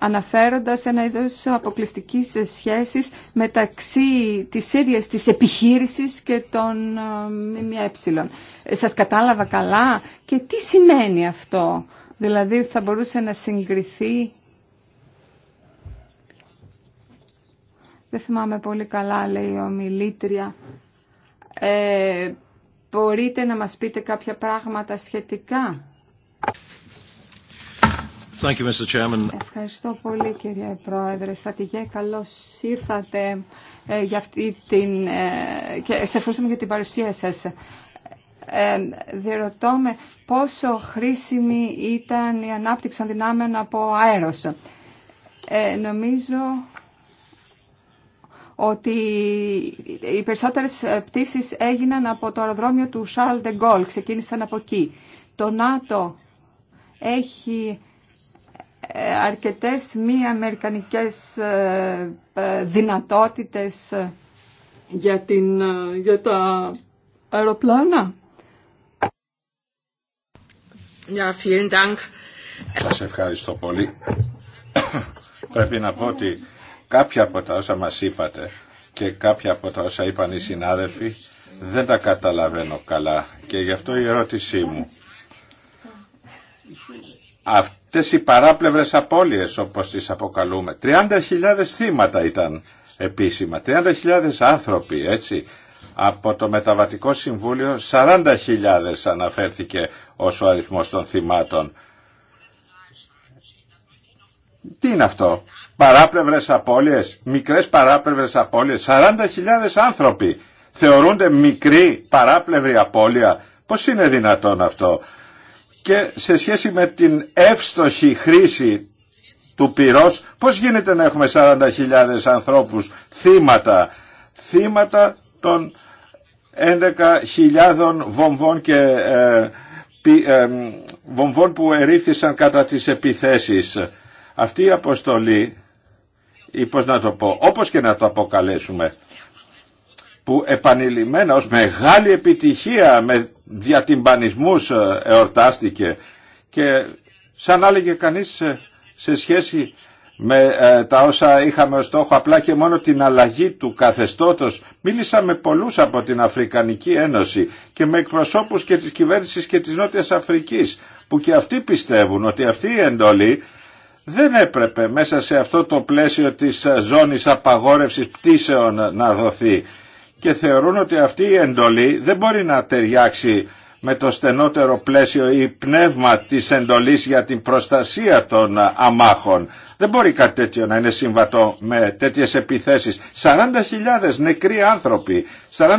C: αναφέροντας ένα είδος αποκλειστικής σχέσης μεταξύ της ίδιας της επιχείρησης και των ε, ΜΜΕ. Ε, σας κατάλαβα καλά και τι σημαίνει αυτό. Δηλαδή θα μπορούσε να συγκριθεί δεν θυμάμαι πολύ καλά, λέει η ομιλήτρια. Ε, μπορείτε να μας πείτε κάποια πράγματα σχετικά. Thank you, Mr. Chairman. Ευχαριστώ πολύ κύριε Πρόεδρε. Στατηγέ, καλώ ήρθατε ε, για αυτή την, ε, και σε ευχαριστούμε για την παρουσία σας. Ε, διερωτώ με πόσο χρήσιμη ήταν η ανάπτυξη των δυνάμεων από αέρος. Ε, νομίζω ότι οι περισσότερες πτήσεις έγιναν από το αεροδρόμιο του Charles de Gaulle, ξεκίνησαν από εκεί. Το ΝΑΤΟ έχει αρκετές μη αμερικανικές ε, ε, δυνατότητες ε, για, την, για τα αεροπλάνα. Σα
A: Σας ευχαριστώ πολύ. Πρέπει να πω ότι κάποια από τα όσα μας είπατε και κάποια από τα όσα είπαν οι συνάδελφοι δεν τα καταλαβαίνω καλά και γι' αυτό η ερώτησή μου. Αυτή αυτές οι παράπλευρες απώλειες όπως τις αποκαλούμε. 30.000 θύματα ήταν επίσημα, 30.000 άνθρωποι έτσι. Από το Μεταβατικό Συμβούλιο 40.000 αναφέρθηκε ως ο αριθμός των θυμάτων. Τι είναι αυτό, παράπλευρες απώλειες, μικρές παράπλευρες απώλειες, 40.000 άνθρωποι θεωρούνται μικρή παράπλευρη απώλεια. Πώς είναι δυνατόν αυτό και σε σχέση με την εύστοχη χρήση του πυρός, πώς γίνεται να έχουμε 40.000 ανθρώπους θύματα, θύματα των 11.000 βομβών και ε, ε, βομβών που ερήφθησαν κατά τις επιθέσεις. Αυτή η αποστολή, ή πώς να το πω, όπως και να το αποκαλέσουμε, που επανειλημμένα ως μεγάλη επιτυχία με διατυμπανισμούς ε, εορτάστηκε και σαν έλεγε κανείς ε, σε σχέση με ε, τα όσα είχαμε ως στόχο απλά και μόνο την αλλαγή του καθεστώτος. Μίλησα με πολλούς από την Αφρικανική Ένωση και με εκπροσώπους και της κυβέρνησης και της Νότιας Αφρικής που και αυτοί πιστεύουν ότι αυτή η εντολή δεν έπρεπε μέσα σε αυτό το πλαίσιο της ζώνης απαγόρευσης πτήσεων να δοθεί και θεωρούν ότι αυτή η εντολή δεν μπορεί να ταιριάξει με το στενότερο πλαίσιο ή πνεύμα της εντολής για την προστασία των αμάχων. Δεν μπορεί κάτι τέτοιο να είναι συμβατό με τέτοιες επιθέσεις. 40.000 νεκροί άνθρωποι, 40.000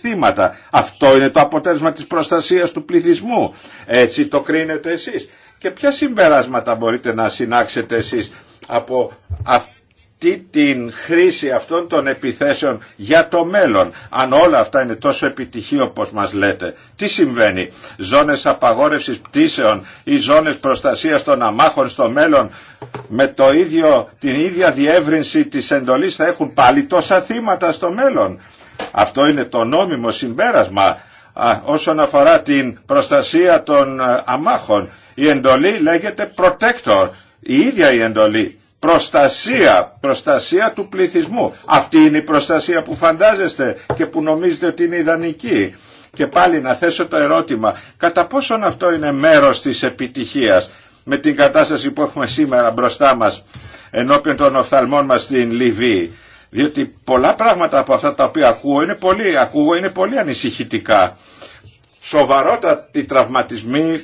A: θύματα. Αυτό είναι το αποτέλεσμα της προστασίας του πληθυσμού. Έτσι το κρίνετε εσείς. Και ποια συμπεράσματα μπορείτε να συνάξετε εσείς από αυτό την χρήση αυτών των επιθέσεων για το μέλλον. Αν όλα αυτά είναι τόσο επιτυχή όπως μας λέτε, τι συμβαίνει. Ζώνες απαγόρευσης πτήσεων ή ζώνες προστασίας των αμάχων στο μέλλον με το ίδιο, την ίδια διεύρυνση της εντολής θα έχουν πάλι τόσα θύματα στο μέλλον. Αυτό είναι το νόμιμο συμπέρασμα όσον αφορά την προστασία των ε, αμάχων. Η εντολή λέγεται protector. Η ίδια η εντολή Προστασία, προστασία του πληθυσμού. Αυτή είναι η προστασία που φαντάζεστε και που νομίζετε ότι είναι ιδανική. Και πάλι να θέσω το ερώτημα, κατά πόσον αυτό είναι μέρος της επιτυχίας με την κατάσταση που έχουμε σήμερα μπροστά μας ενώπιον των οφθαλμών μας στην Λιβύη. Διότι πολλά πράγματα από αυτά τα οποία ακούω είναι πολύ, ακούω, είναι πολύ ανησυχητικά. Σοβαρότατοι τραυματισμοί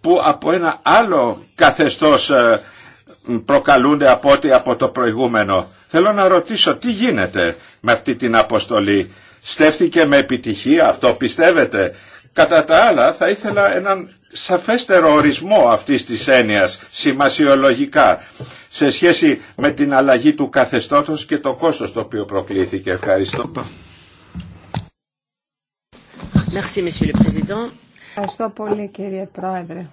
A: που από ένα άλλο καθεστώς ε, προκαλούνται από ό,τι από το προηγούμενο. Θέλω να ρωτήσω τι γίνεται με αυτή την αποστολή. Στέφθηκε με επιτυχία αυτό, πιστεύετε. Κατά τα άλλα θα ήθελα έναν σαφέστερο ορισμό αυτής της έννοιας, σημασιολογικά, σε σχέση με την αλλαγή του καθεστώτος και το κόστος το οποίο προκλήθηκε. Ευχαριστώ.
B: Merci,
C: Ευχαριστώ πολύ κύριε Πρόεδρε.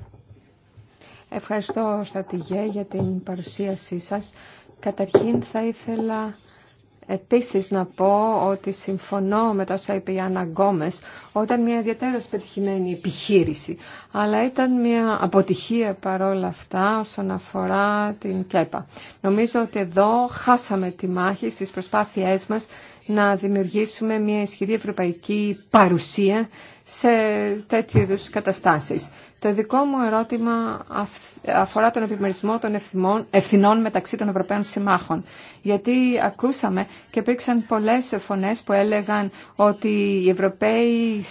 C: Ευχαριστώ, Στατηγέ, για την παρουσίασή σας. Καταρχήν θα ήθελα επίσης να πω ότι συμφωνώ με τα όσα είπε η Άννα Γκόμες, όταν μια ιδιαίτερα πετυχημένη επιχείρηση, αλλά ήταν μια αποτυχία παρόλα αυτά όσον αφορά την ΚΕΠΑ. Νομίζω ότι εδώ χάσαμε τη μάχη στις προσπάθειές μας να δημιουργήσουμε μια ισχυρή ευρωπαϊκή παρουσία σε τέτοιου είδους καταστάσεις. Το δικό μου ερώτημα αφορά τον επιμερισμό των ευθυνών μεταξύ των Ευρωπαίων Συμμάχων. Γιατί ακούσαμε και υπήρξαν πολλές φωνές που έλεγαν ότι οι Ευρωπαίοι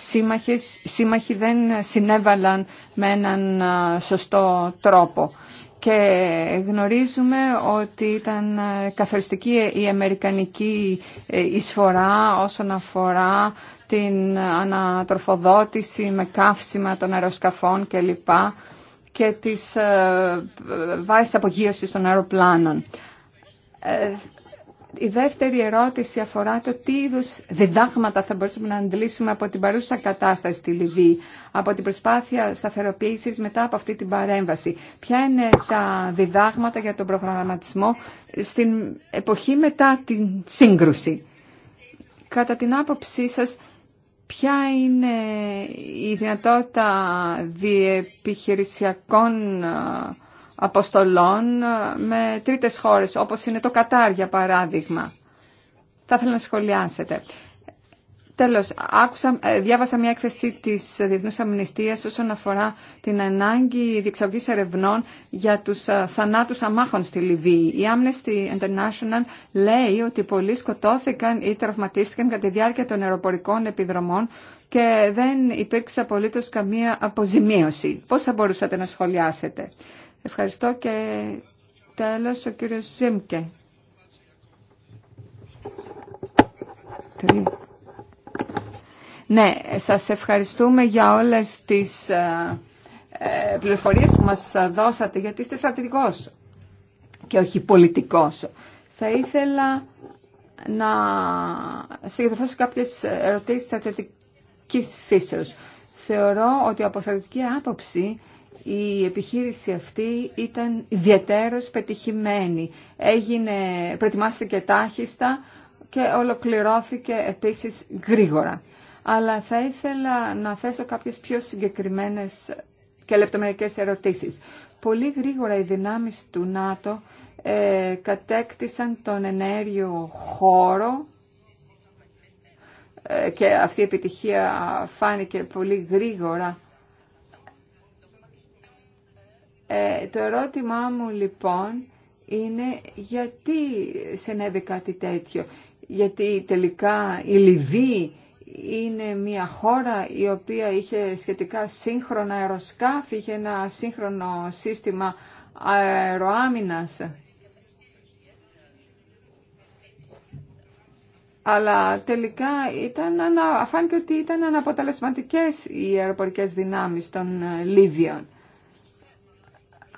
C: σύμμαχοι δεν συνέβαλαν με έναν σωστό τρόπο. Και γνωρίζουμε ότι ήταν καθοριστική η αμερικανική ε, εισφορά όσον αφορά την ανατροφοδότηση με καύσιμα των αεροσκαφών κλπ. και της ε, βάσεις απογείωσης των αεροπλάνων. Ε, η δεύτερη ερώτηση αφορά το τι είδους διδάγματα θα μπορούσαμε να αντλήσουμε από την παρούσα κατάσταση στη Λιβύη, από την προσπάθεια σταθεροποίησης μετά από αυτή την παρέμβαση. Ποια είναι τα διδάγματα για τον προγραμματισμό στην εποχή μετά την σύγκρουση. Κατά την άποψή σας, Ποια είναι η δυνατότητα διεπιχειρησιακών ε, αποστολών ε, με τρίτες χώρες, όπως είναι το Κατάρ για παράδειγμα. Θα ήθελα να σχολιάσετε. Τέλος, άκουσα, ε, διάβασα μια έκθεση της Διεθνούς Αμνηστίας όσον αφορά την ανάγκη διεξαγωγής ερευνών για τους ε, θανάτους αμάχων στη Λιβύη. Η Amnesty International λέει ότι πολλοί σκοτώθηκαν ή τραυματίστηκαν κατά τη διάρκεια των αεροπορικών επιδρομών και δεν υπήρξε απολύτως καμία αποζημίωση. Πώς θα μπορούσατε να σχολιάσετε. Ευχαριστώ και τέλος ο κύριος Ζήμκε. Ναι, σας ευχαριστούμε για όλες τις ε, ε, πληροφορίες που μας δώσατε, γιατί είστε στρατηγικός και όχι πολιτικός. Θα ήθελα να συγκεντρωθώ σε κάποιες ερωτήσεις στρατιωτικής φύσεως. Θεωρώ ότι από στρατιωτική άποψη η επιχείρηση αυτή ήταν ιδιαίτερως πετυχημένη. Έγινε, προετοιμάστηκε τάχιστα και ολοκληρώθηκε επίσης γρήγορα αλλά θα ήθελα να θέσω κάποιες πιο συγκεκριμένες και λεπτομερικές ερωτήσεις. Πολύ γρήγορα οι δυνάμεις του ΝΑΤΟ ε, κατέκτησαν τον ενέργειο χώρο ε, και αυτή η επιτυχία φάνηκε πολύ γρήγορα. Ε, το ερώτημά μου λοιπόν είναι γιατί συνέβη κάτι τέτοιο. Γιατί τελικά η Λιβύη είναι μια χώρα η οποία είχε σχετικά σύγχρονα αεροσκάφη, είχε ένα σύγχρονο σύστημα αεροάμυνας. Αλλά τελικά ήταν, φάνηκε ότι ήταν αναποτελεσματικές οι αεροπορικές δυνάμεις των ε, Λίβιων.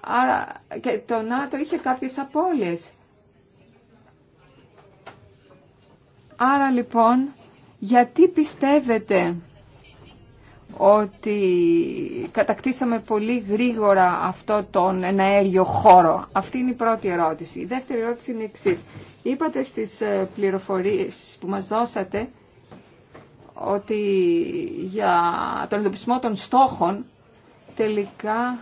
C: Άρα και το ΝΑΤΟ είχε κάποιες απώλειες. Άρα λοιπόν γιατί πιστεύετε ότι κατακτήσαμε πολύ γρήγορα αυτό τον εναέριο χώρο. Αυτή είναι η πρώτη ερώτηση. Η δεύτερη ερώτηση είναι η εξή. Είπατε στις ε, πληροφορίες που μας δώσατε ότι για τον εντοπισμό των στόχων τελικά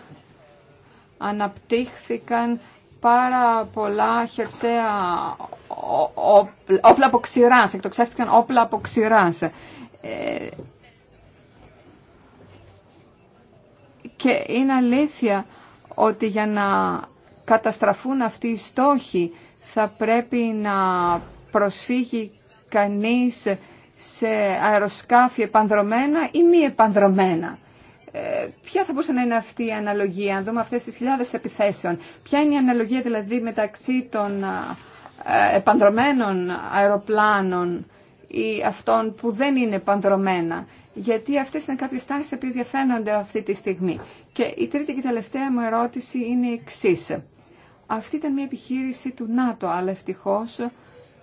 C: αναπτύχθηκαν πάρα πολλά χερσαία όπλα από ξηρά. εκτοξεύτηκαν όπλα από ε, Και είναι αλήθεια ότι για να καταστραφούν αυτοί οι στόχοι θα πρέπει να προσφύγει κανείς σε αεροσκάφη επανδρομένα ή μη επανδρομένα. Ε, ποια θα μπορούσε να είναι αυτή η αναλογία, αν δούμε αυτές τις χιλιάδες επιθέσεων. Ποια είναι η αναλογία δηλαδή μεταξύ των ε, επανδρομένων αεροπλάνων ή αυτών που δεν είναι επανδρομένα. Γιατί αυτέ είναι κάποιε τάσει που διαφαίνονται αυτή τη στιγμή. Και η τρίτη και τελευταία μου ερώτηση είναι η εξή. Αυτή ήταν μια επιχείρηση του ΝΑΤΟ, αλλά ευτυχώ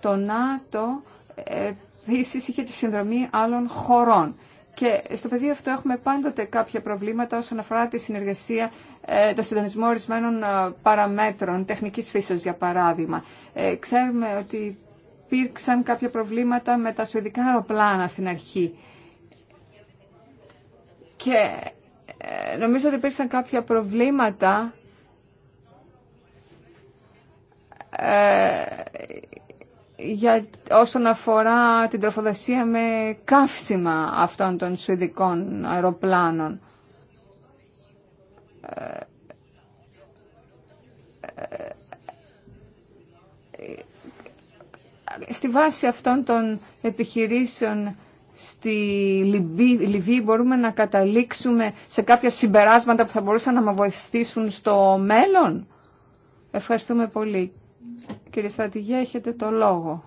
C: το ΝΑΤΟ ε, επίση είχε τη συνδρομή άλλων χωρών. Και στο πεδίο αυτό έχουμε πάντοτε κάποια προβλήματα όσον αφορά τη συνεργασία, ε, το συντονισμό ορισμένων ε, παραμέτρων, τεχνικής φύσεως για παράδειγμα. Ε, ξέρουμε ότι υπήρξαν κάποια προβλήματα με τα σουηδικά αεροπλάνα στην αρχή. Και νομίζω ότι υπήρξαν κάποια προβλήματα για, όσον αφορά την τροφοδοσία με καύσιμα αυτών των σουηδικών αεροπλάνων. στη βάση αυτών των επιχειρήσεων στη Λιβύη, Λιβύη μπορούμε να καταλήξουμε σε κάποια συμπεράσματα που θα μπορούσαν να μας βοηθήσουν στο μέλλον. Ευχαριστούμε πολύ. Κύριε Στρατηγέ, έχετε το λόγο.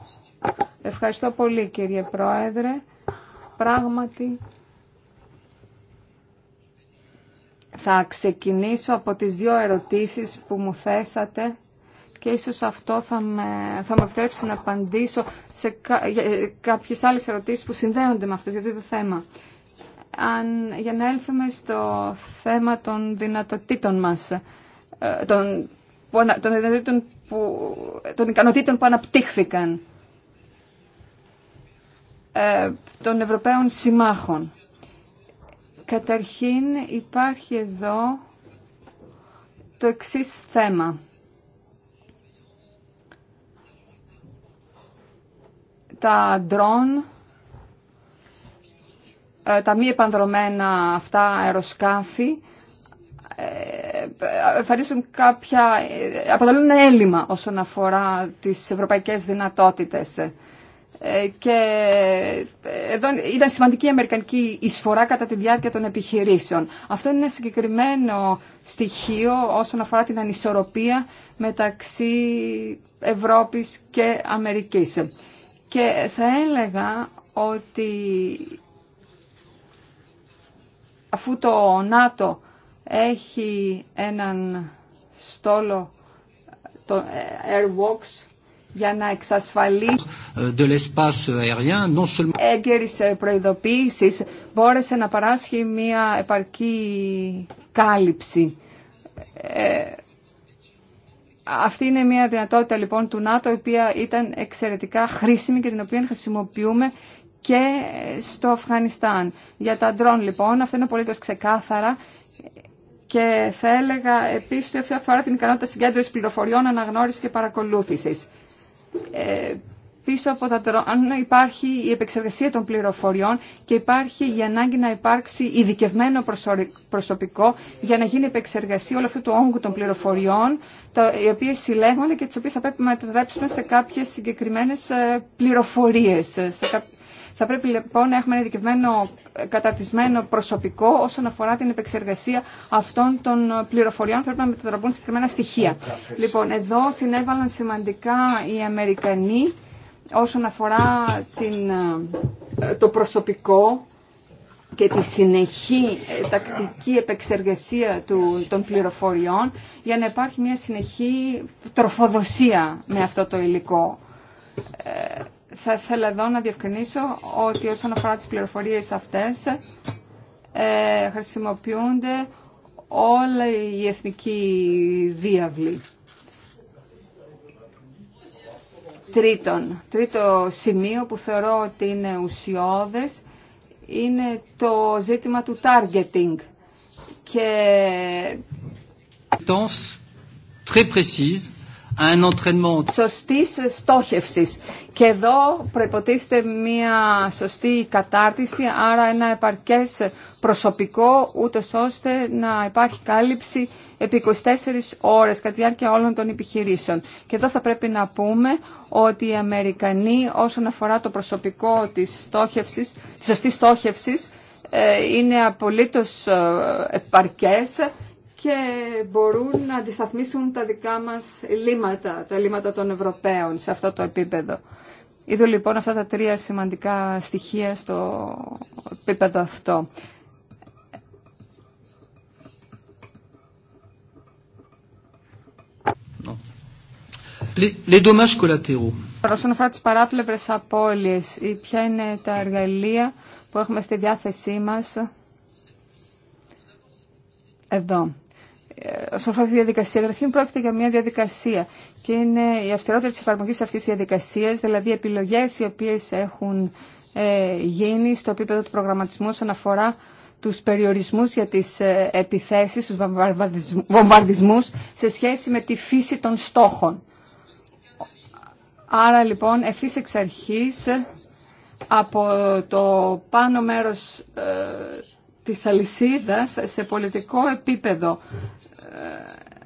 C: Ευχαριστώ πολύ κύριε Πρόεδρε. Πράγματι, θα ξεκινήσω από τις δύο ερωτήσεις που μου θέσατε και ίσως αυτό θα με, επιτρέψει να απαντήσω σε κά, κάποιες άλλες ερωτήσεις που συνδέονται με αυτές για το θέμα. Αν, για να έλθουμε στο θέμα των δυνατοτήτων μας, ε, των, των δυνατοτήτων που, των ικανοτήτων που αναπτύχθηκαν ε, των Ευρωπαίων Συμμάχων. Καταρχήν υπάρχει εδώ το εξής θέμα. Τα ντρόν, ε, τα μη επανδρομένα αυτά αεροσκάφη, ε, κάποια, ε, αποτελούν ένα έλλειμμα όσον αφορά τις ευρωπαϊκές δυνατότητες. Ε, και εδώ ήταν σημαντική η αμερικανική εισφορά κατά τη διάρκεια των επιχειρήσεων. Αυτό είναι ένα συγκεκριμένο στοιχείο όσον αφορά την ανισορροπία μεταξύ Ευρώπης και Αμερικής. Και θα έλεγα ότι αφού το ΝΑΤΟ έχει έναν στόλο το Airwalks για να εξασφαλίσει έγκαιρης ε, προειδοποίησης μπόρεσε να παράσχει μια επαρκή κάλυψη. Ε, αυτή είναι μια δυνατότητα λοιπόν του ΝΑΤΟ η οποία ήταν εξαιρετικά χρήσιμη και την οποία χρησιμοποιούμε και στο Αφγανιστάν. Για τα ντρόν λοιπόν, αυτό είναι πολύ ξεκάθαρα και θα έλεγα επίσης ότι αφορά την ικανότητα συγκέντρωσης πληροφοριών, αναγνώρισης και παρακολούθησης. Ε, πίσω από τα τρόν υπάρχει η επεξεργασία των πληροφοριών και υπάρχει η ανάγκη να υπάρξει ειδικευμένο προσωπικό για να γίνει επεξεργασία όλου αυτού του όγκου των πληροφοριών, οι οποίε συλλέγονται και τι οποίε θα πρέπει να μεταδέψουμε σε κάποιε συγκεκριμένε ε, πληροφορίε, σε θα πρέπει λοιπόν να έχουμε ένα ειδικευμένο καταρτισμένο προσωπικό όσον αφορά την επεξεργασία αυτών των πληροφοριών. Πρέπει να μετατραπούν συγκεκριμένα στοιχεία. Λοιπόν, εδώ συνέβαλαν σημαντικά οι Αμερικανοί όσον αφορά την, ε, το προσωπικό και τη συνεχή ε, τακτική επεξεργασία του, των πληροφοριών για να υπάρχει μια συνεχή τροφοδοσία με αυτό το υλικό. Ε, θα ήθελα εδώ να διευκρινίσω ότι όσον αφορά τις πληροφορίες αυτές ε, χρησιμοποιούνται όλοι οι εθνικοί διάβλοι. Τρίτον, τρίτο σημείο που θεωρώ ότι είναι ουσιώδες είναι το ζήτημα του targeting και très précise Σωστή στοχεύση. Και εδώ προποτίθεται μια σωστή κατάρτιση, άρα ένα επαρκές προσωπικό, ούτω ώστε να υπάρχει κάλυψη επί 24 ώρες κατά τη διάρκεια όλων των επιχειρήσεων. Και εδώ θα πρέπει να πούμε ότι οι Αμερικανοί όσον αφορά το προσωπικό της, σωστή της σωστής στόχευσης ε, είναι απολύτως ε, επαρκές και μπορούν να αντισταθμίσουν τα δικά μας λύματα, τα λύματα των Ευρωπαίων σε αυτό το επίπεδο. Είδω λοιπόν αυτά τα τρία σημαντικά στοιχεία στο επίπεδο αυτό. Όσον αφορά τι παράπλευρε απώλειε, ποια είναι τα εργαλεία που έχουμε στη διάθεσή μα εδώ. Ε, όσον αφορά τη διαδικασία, μου πρόκειται για μια διαδικασία και είναι η αυστηρότητα τη εφαρμογή αυτή τη διαδικασία, δηλαδή επιλογές οι οποίες έχουν ε, γίνει στο επίπεδο του προγραμματισμού όσον αφορά τους περιορισμούς για τις ε, επιθέσεις, του βομβαρδισμούς σε σχέση με τη φύση των στόχων. Άρα λοιπόν ευθύ εξ αρχή από το πάνω μέρος ε, της αλυσίδας σε πολιτικό επίπεδο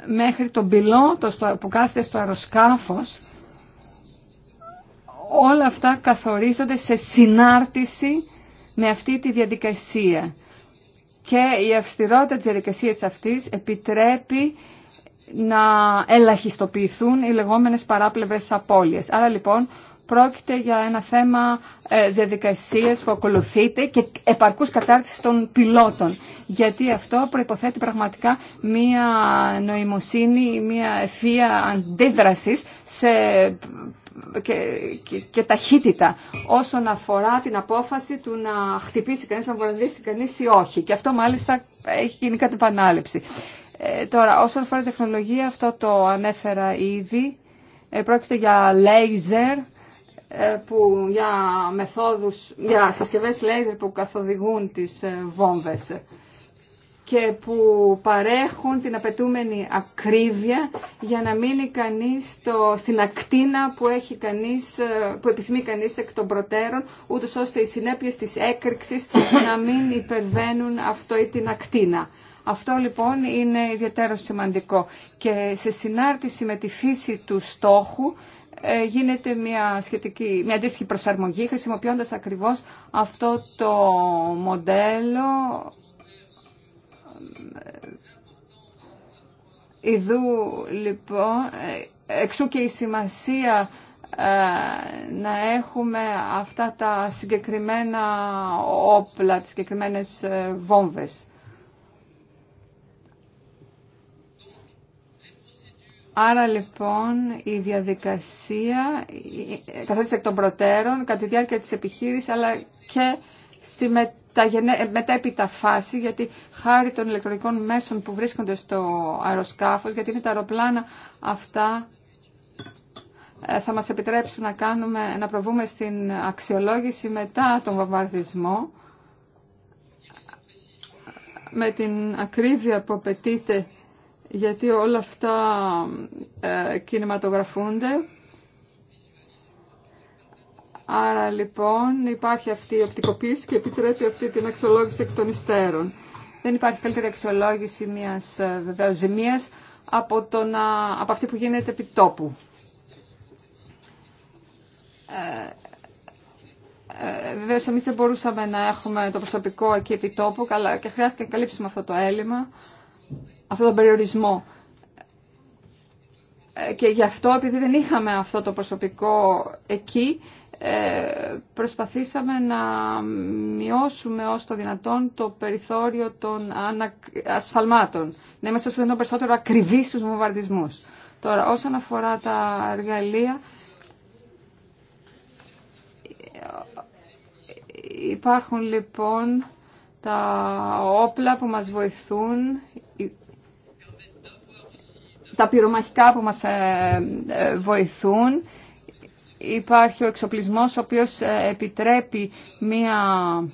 C: μέχρι τον πιλότο που κάθεται στο αεροσκάφος όλα αυτά καθορίζονται σε συνάρτηση με αυτή τη διαδικασία. Και η αυστηρότητα της διαδικασίας αυτής επιτρέπει να ελαχιστοποιηθούν οι λεγόμενες παράπλευρες απώλειες. Άρα λοιπόν Πρόκειται για ένα θέμα ε, διαδικασίες που ακολουθείται και επαρκούς κατάρτιση των πιλότων. Γιατί αυτό προϋποθέτει πραγματικά μία νοημοσύνη, μία ευφία αντίδρασης σε και, και, ταχύτητα όσον αφορά την απόφαση του να χτυπήσει κανείς, να βοηθήσει κανείς ή όχι. Και αυτό μάλιστα έχει γίνει κατά επανάληψη. Ε, τώρα, όσον αφορά τεχνολογία, αυτό το ανέφερα ήδη. Ε, πρόκειται για λέιζερ ε, που για, μεθόδους, για συσκευές λέιζερ που καθοδηγούν τις ε, βόμβες και που παρέχουν την απαιτούμενη ακρίβεια για να μείνει κανείς στην ακτίνα που, έχει κανείς, ε, που επιθυμεί κανείς εκ των προτέρων, ούτως ώστε οι συνέπειες της έκρηξης να μην υπερβαίνουν αυτό την ακτίνα. Αυτό λοιπόν είναι ιδιαίτερο σημαντικό και σε συνάρτηση με τη φύση του στόχου ε, γίνεται μια, σχετική, μια αντίστοιχη προσαρμογή χρησιμοποιώντας ακριβώς αυτό το μοντέλο ε, Ιδού λοιπόν, ε, εξού και η σημασία να έχουμε αυτά τα συγκεκριμένα όπλα, τις συγκεκριμένες βόμβες. Άρα λοιπόν η διαδικασία καθώς εκ των προτέρων κατά τη διάρκεια της επιχείρησης αλλά και στη ε, μετέπειτα φάση γιατί χάρη των ηλεκτρονικών μέσων που βρίσκονται στο αεροσκάφος γιατί είναι τα αεροπλάνα αυτά ε, θα μας επιτρέψουν να, κάνουμε, να προβούμε στην αξιολόγηση μετά τον βομβαρδισμό με την ακρίβεια που απαιτείται γιατί όλα αυτά ε, κινηματογραφούνται. Άρα λοιπόν υπάρχει αυτή η οπτικοποίηση και επιτρέπει αυτή την αξιολόγηση εκ των υστέρων. Δεν υπάρχει καλύτερη αξιολόγηση μιας ε, βεβαίως ζημίας από, το να, από αυτή που γίνεται επί τόπου. Ε, ε, ε βεβαίως εμείς δεν μπορούσαμε να έχουμε το προσωπικό εκεί επί τόπου και χρειάστηκε να καλύψουμε αυτό το έλλειμμα αυτόν τον περιορισμό. Ε, και γι' αυτό, επειδή δεν είχαμε αυτό το προσωπικό εκεί, ε, προσπαθήσαμε να μειώσουμε ως το δυνατόν το περιθώριο των ασφαλμάτων. Να είμαστε όσο δυνατόν περισσότερο ακριβείς στους βομβαρδισμούς. Τώρα, όσον αφορά τα εργαλεία, υπάρχουν λοιπόν τα όπλα που μας βοηθούν, τα πυρομαχικά που μας ε, ε, βοηθούν. Υπάρχει ο εξοπλισμός ο οποίος ε, επιτρέπει μία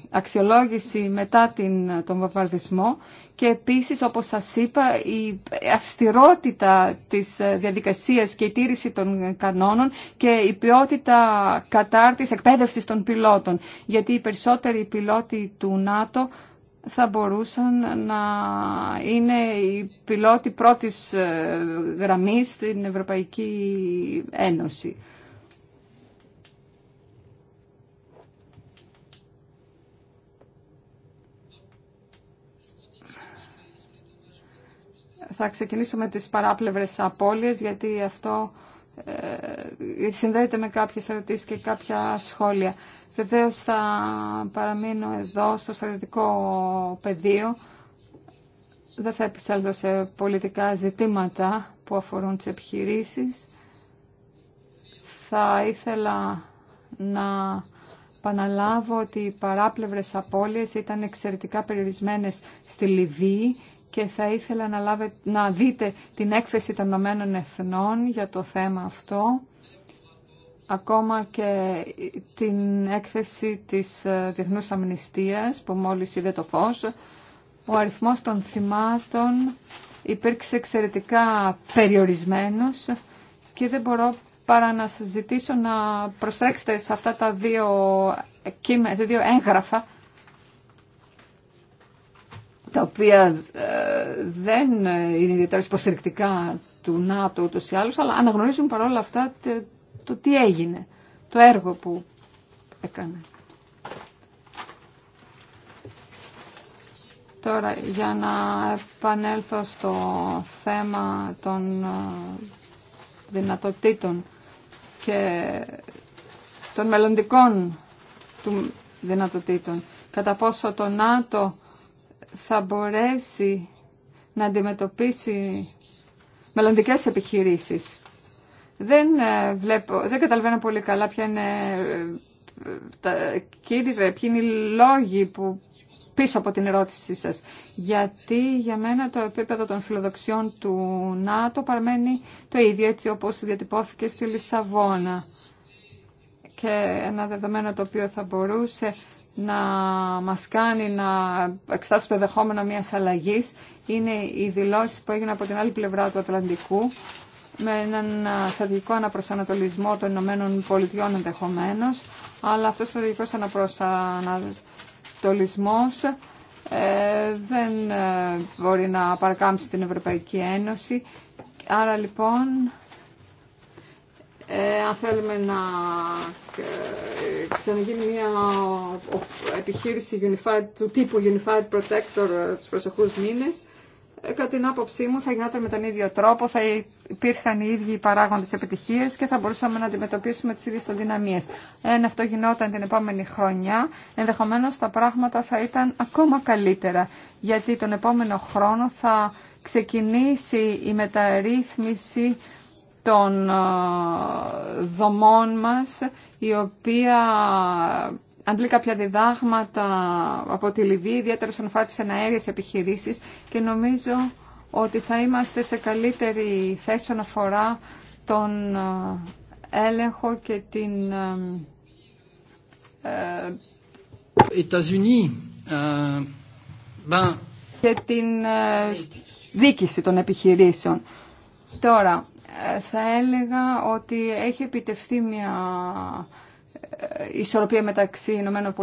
C: αξιολόγηση μετά την, τον βομβαρδισμό και επίσης όπως σας είπα η αυστηρότητα της διαδικασίας και η τήρηση των κανόνων και η ποιότητα κατάρτισης εκπαίδευσης των πιλότων γιατί οι περισσότεροι πιλότοι του ΝΑΤΟ θα μπορούσαν να είναι οι πιλότοι πρώτης ε, γραμμής στην Ευρωπαϊκή Ένωση. Θα ξεκινήσω με τις παράπλευρες απώλειες γιατί αυτό ε, συνδέεται με κάποιες ερωτήσεις και κάποια σχόλια. Βεβαίως θα παραμείνω εδώ στο στρατιωτικό πεδίο. Δεν θα επισέλθω σε πολιτικά ζητήματα που αφορούν τις επιχειρήσεις. Θα ήθελα να παναλάβω ότι οι παράπλευρες απώλειες ήταν εξαιρετικά περιορισμένες στη Λιβύη και θα ήθελα να, να δείτε την έκθεση των Ηνωμένων Εθνών για το θέμα αυτό ακόμα και την έκθεση της ε, Διεθνούς Αμνηστίας που μόλις είδε το φως. Ο αριθμός των θυμάτων υπήρξε εξαιρετικά περιορισμένος και δεν μπορώ παρά να σας ζητήσω να προσέξετε σε αυτά τα δύο, τα δύο έγγραφα τα οποία ε, δεν είναι ιδιαίτερα υποστηρικτικά του ΝΑΤΟ ούτως ή άλλως, αλλά αναγνωρίζουν παρόλα αυτά το τι έγινε, το έργο που έκανε. Τώρα για να επανέλθω στο θέμα των ε, δυνατοτήτων και των μελλοντικών του δυνατοτήτων. Κατά πόσο το ΝΑΤΟ θα μπορέσει να αντιμετωπίσει μελλοντικές επιχειρήσεις. Δεν, ε, βλέπω, δεν καταλαβαίνω πολύ καλά ποια είναι ε, τα ποιοι είναι οι λόγοι που πίσω από την ερώτησή σας. Γιατί για μένα το επίπεδο των φιλοδοξιών του ΝΑΤΟ παραμένει το ίδιο έτσι όπως διατυπώθηκε στη Λισαβόνα. Και ένα δεδομένο το οποίο θα μπορούσε να μας κάνει να εξετάσουμε το δεχόμενο μιας αλλαγής είναι οι δηλώσεις που έγιναν από την άλλη πλευρά του Ατλαντικού με έναν στρατηγικό αναπροσανατολισμό των Ηνωμένων Πολιτειών ενδεχομένω, αλλά αυτός ο στρατηγικός αναπροσανατολισμός ε, δεν ε, μπορεί να παρακάμψει την Ευρωπαϊκή Ένωση. Άρα λοιπόν, ε, αν θέλουμε να ε, ξαναγίνει μια επιχείρηση unified, του τύπου Unified Protector τους προσεχούς μήνες, ε, κατά την άποψή μου θα γινόταν με τον ίδιο τρόπο, θα υπήρχαν οι ίδιοι παράγοντες επιτυχίες και θα μπορούσαμε να αντιμετωπίσουμε τις ίδιες αδυναμίες. Εάν αυτό γινόταν την επόμενη χρονιά, ενδεχομένως τα πράγματα θα ήταν ακόμα καλύτερα, γιατί τον επόμενο χρόνο θα ξεκινήσει η μεταρρύθμιση των ε, δομών μας, η οποία αντλεί κάποια διδάγματα από τη Λιβύη, ιδιαίτερα στον φάτη σε και νομίζω ότι θα είμαστε σε καλύτερη θέση όσον αφορά τον ε, έλεγχο και την... Ε, ε, και την δίκηση των επιχειρήσεων. Τώρα, θα έλεγα ότι έχει επιτευχθεί μια ε, ισορροπία μεταξύ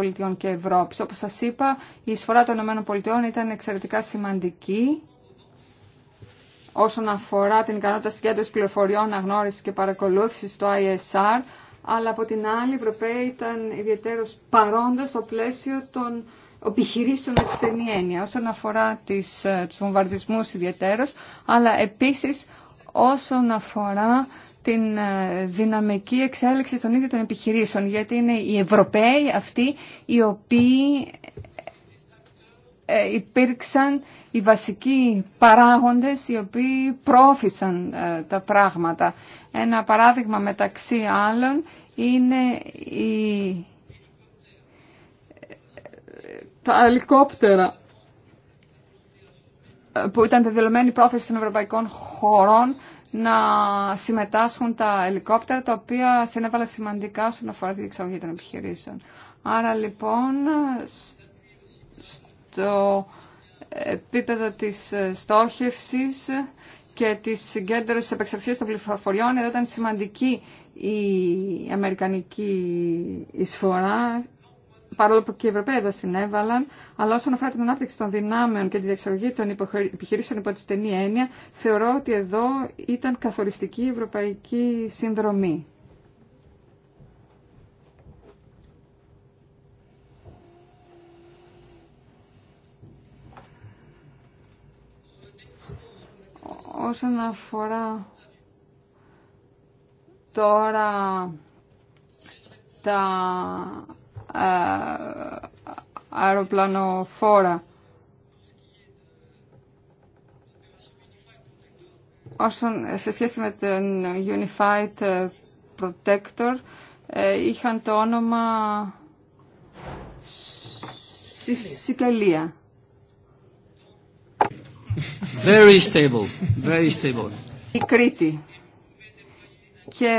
C: ΗΠΑ και Ευρώπης. Όπως σας είπα, η εισφορά των ΗΠΑ ήταν εξαιρετικά σημαντική όσον αφορά την ικανότητα συγκέντρωση πληροφοριών, αγνώριση και παρακολούθηση στο ISR, αλλά από την άλλη οι Ευρωπαίοι ήταν ιδιαίτερως παρόντες στο πλαίσιο των επιχειρήσεων με τη στενή έννοια, όσον αφορά τις, ε, τους βομβαρδισμούς ιδιαίτερως, αλλά επίσης όσον αφορά την ε, δυναμική εξέλιξη των ίδιων των επιχειρήσεων, γιατί είναι οι Ευρωπαίοι αυτοί οι οποίοι ε, υπήρξαν οι βασικοί παράγοντες οι οποίοι πρόφησαν ε, τα πράγματα. Ένα παράδειγμα μεταξύ άλλων είναι η... τα ελικόπτερα που ήταν δεδηλωμένη πρόθεση των ευρωπαϊκών χωρών να συμμετάσχουν τα ελικόπτερα τα οποία συνέβαλαν σημαντικά όσον αφορά τη διεξαγωγή των επιχειρήσεων. Άρα λοιπόν στο επίπεδο της στόχευσης και της συγκέντρωσης επεξεργασίας των πληροφοριών εδώ ήταν σημαντική η αμερικανική εισφορά παρόλο που και οι Ευρωπαίοι εδώ συνέβαλαν, αλλά όσον αφορά την ανάπτυξη των δυνάμεων και τη διεξαγωγή των επιχειρήσεων υπό τη στενή έννοια, θεωρώ ότι εδώ ήταν καθοριστική η ευρωπαϊκή συνδρομή. Όσον αφορά τώρα τα αεροπλανοφόρα. Όσον σε σχέση με τον Unified Protector ε, είχαν το όνομα Σικελία.
B: Very stable, very stable.
C: Η Κρήτη. Και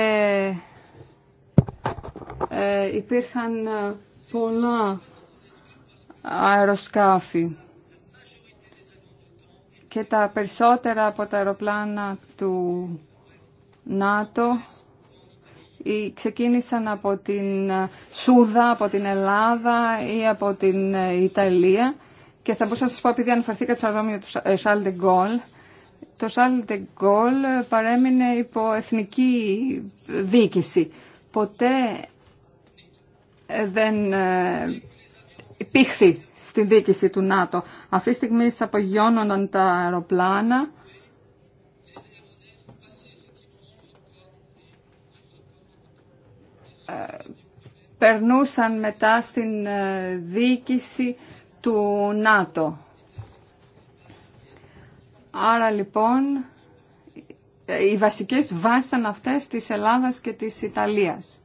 C: ε, υπήρχαν ε, πολλά αεροσκάφη και τα περισσότερα από τα αεροπλάνα του ΝΑΤΟ ε, ξεκίνησαν από την Σούδα, από την Ελλάδα ή από την Ιταλία και θα μπορούσα να σας πω επειδή αναφερθήκατε στο αεροδρόμιο του Charles το Charles de παρέμεινε υπό εθνική διοίκηση. Ποτέ δεν ε, πήχθη στην δίκηση του ΝΑΤΟ. Αυτή τη στιγμή απογειώνονταν τα αεροπλάνα. Ε, περνούσαν μετά στην ε, δίκηση του ΝΑΤΟ. Άρα λοιπόν οι βασικές βάσεις αυτές της Ελλάδας και της Ιταλίας.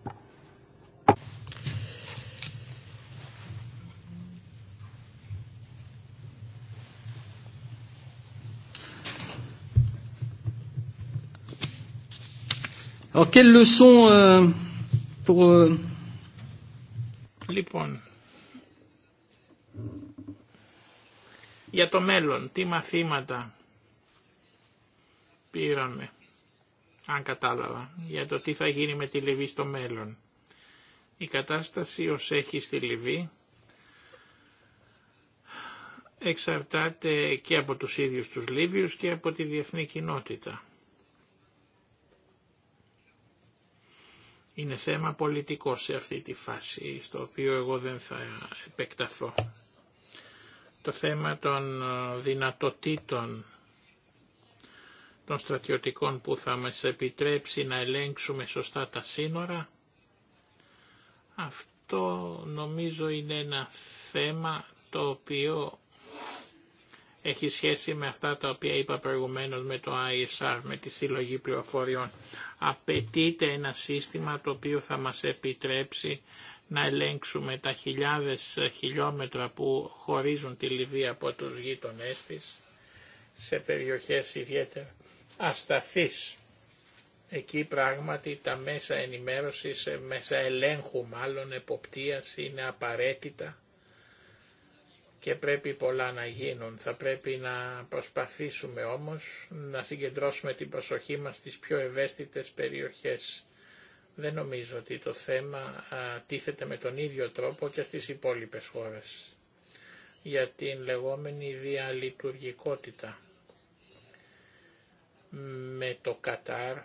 B: Euh, euh, λοιπόν, για το μέλλον, τι μαθήματα πήραμε, αν κατάλαβα, για το τι θα γίνει με τη Λιβύη στο μέλλον. Η κατάσταση ως έχει στη Λιβύη εξαρτάται και από τους ίδιους τους Λίβιους και από τη διεθνή κοινότητα. Είναι θέμα πολιτικό σε αυτή τη φάση, στο οποίο εγώ δεν θα επεκταθώ. Το θέμα των ε, δυνατοτήτων των στρατιωτικών που θα μας επιτρέψει να ελέγξουμε σωστά τα σύνορα, αυτό νομίζω είναι ένα θέμα το οποίο έχει σχέση με αυτά τα οποία είπα προηγουμένως με το ISR, με τη συλλογή πληροφοριών. Απαιτείται ένα σύστημα το οποίο θα μας επιτρέψει να ελέγξουμε τα χιλιάδες χιλιόμετρα που χωρίζουν τη Λιβύη από τους γείτονές της, σε περιοχές ιδιαίτερα ασταθείς. Εκεί πράγματι τα μέσα ενημέρωσης, ε, μέσα ελέγχου μάλλον εποπτείας είναι απαραίτητα και πρέπει πολλά να γίνουν. Θα πρέπει να προσπαθήσουμε όμως να συγκεντρώσουμε την προσοχή μας στις πιο ευαίσθητες περιοχές. Δεν νομίζω ότι το θέμα α, τίθεται με τον ίδιο τρόπο και στις υπόλοιπες χώρες. Για την λεγόμενη διαλειτουργικότητα με το Κατάρ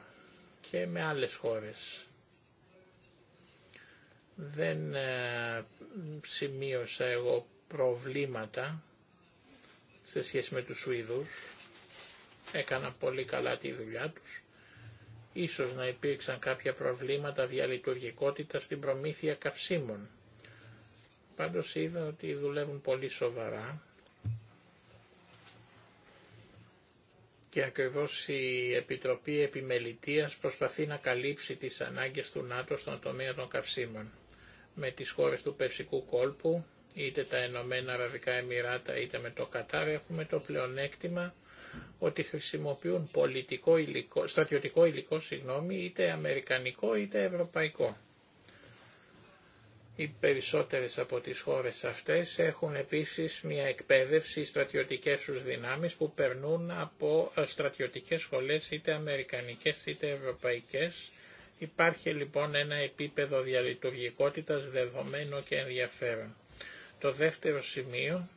B: και με άλλες χώρες. Δεν σημείωσα εγώ προβλήματα σε σχέση με τους Σουηδούς. Έκαναν πολύ καλά τη δουλειά τους. Ίσως να υπήρξαν κάποια προβλήματα διαλειτουργικότητα στην προμήθεια καυσίμων. Πάντως είδα ότι δουλεύουν πολύ σοβαρά και ακριβώ η Επιτροπή Επιμελητίας προσπαθεί να καλύψει τις ανάγκες του ΝΑΤΟ στον τομέα των καυσίμων με τις χώρες του Περσικού κόλπου είτε τα Ενωμένα Αραβικά Εμμυράτα είτε με το Κατάρ έχουμε το πλεονέκτημα ότι χρησιμοποιούν στρατιωτικό υλικό, συγγνώμη, είτε αμερικανικό είτε ευρωπαϊκό. Οι περισσότερες από τις χώρες αυτές έχουν επίσης μια εκπαίδευση στρατιωτικές τους δυνάμεις που περνούν από ε, στρατιωτικές σχολές είτε αμερικανικές είτε ευρωπαϊκές. Υπάρχει λοιπόν ένα επίπεδο διαλειτουργικότητας δεδομένο και ενδιαφέρον. Το δεύτερο σημείο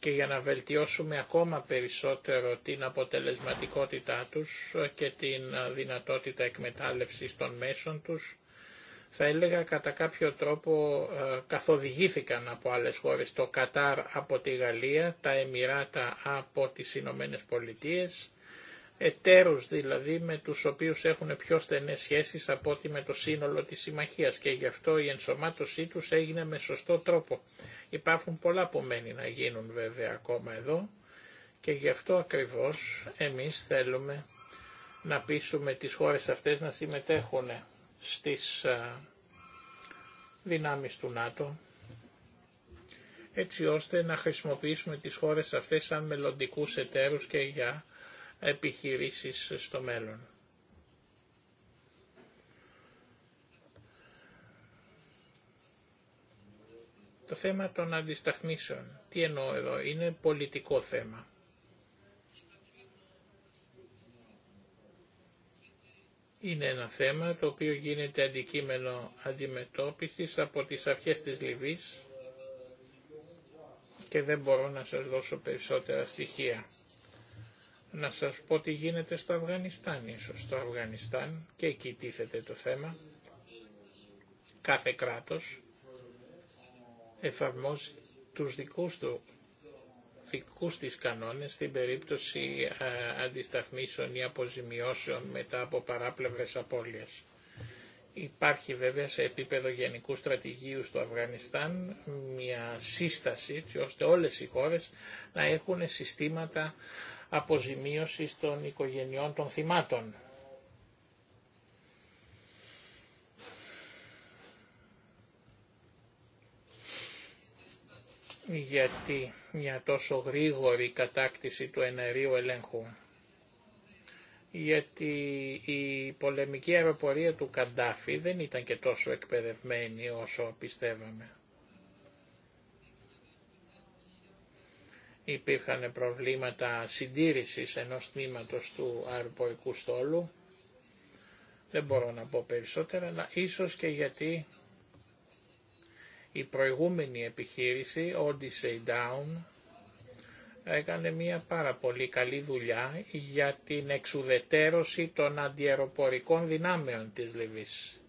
B: και για να βελτιώσουμε ακόμα περισσότερο την αποτελεσματικότητά τους και την δυνατότητα εκμετάλλευσης των μέσων τους, θα έλεγα κατά κάποιο τρόπο ε, καθοδηγήθηκαν από άλλες χώρες, το Κατάρ από τη Γαλλία, τα Εμμυράτα από τις Ηνωμένε Πολιτείες, εταίρους δηλαδή με τους οποίους έχουν πιο στενές σχέσεις από ότι με το σύνολο της συμμαχίας και γι' αυτό η ενσωμάτωσή τους έγινε με σωστό τρόπο. Υπάρχουν πολλά που μένει να γίνουν βέβαια ακόμα εδώ και γι' αυτό ακριβώς εμείς θέλουμε να πείσουμε τις χώρες αυτές να συμμετέχουν στις δυνάμεις του ΝΑΤΟ έτσι ώστε να χρησιμοποιήσουμε τις χώρες αυτές σαν μελλοντικού εταίρους και για επιχειρήσεις στο μέλλον. Το θέμα των αντισταθμίσεων. Τι εννοώ εδώ. Είναι πολιτικό θέμα. Είναι ένα θέμα το οποίο γίνεται αντικείμενο αντιμετώπισης από τις αρχές της Λιβύης και δεν μπορώ να σας δώσω περισσότερα στοιχεία να σας πω τι γίνεται στο Αφγανιστάν ίσως. Στο Αφγανιστάν και εκεί τίθεται το θέμα. Κάθε κράτος εφαρμόζει τους δικούς του δικούς της κανόνες στην περίπτωση αντισταθμίσεων ή αποζημιώσεων μετά από παράπλευρες απώλειες. Υπάρχει βέβαια σε επίπεδο γενικού στρατηγίου στο Αφγανιστάν μια σύσταση έτσι ώστε όλες οι χώρες να έχουν συστήματα αποζημίωσης των οικογενειών των θυμάτων. γιατί μια τόσο γρήγορη κατάκτηση του ενερίου ελέγχου. Γιατί η πολεμική αεροπορία του Καντάφη δεν ήταν και τόσο εκπαιδευμένη όσο πιστεύαμε. υπήρχαν προβλήματα συντήρησης ενός τμήματος του αεροπορικού στόλου. Δεν μπορώ να πω περισσότερα, αλλά ίσως και γιατί η προηγούμενη επιχείρηση, Odyssey Down, έκανε μια πάρα πολύ καλή δουλειά για την εξουδετέρωση των αντιεροπορικών δυνάμεων της Λιβύης.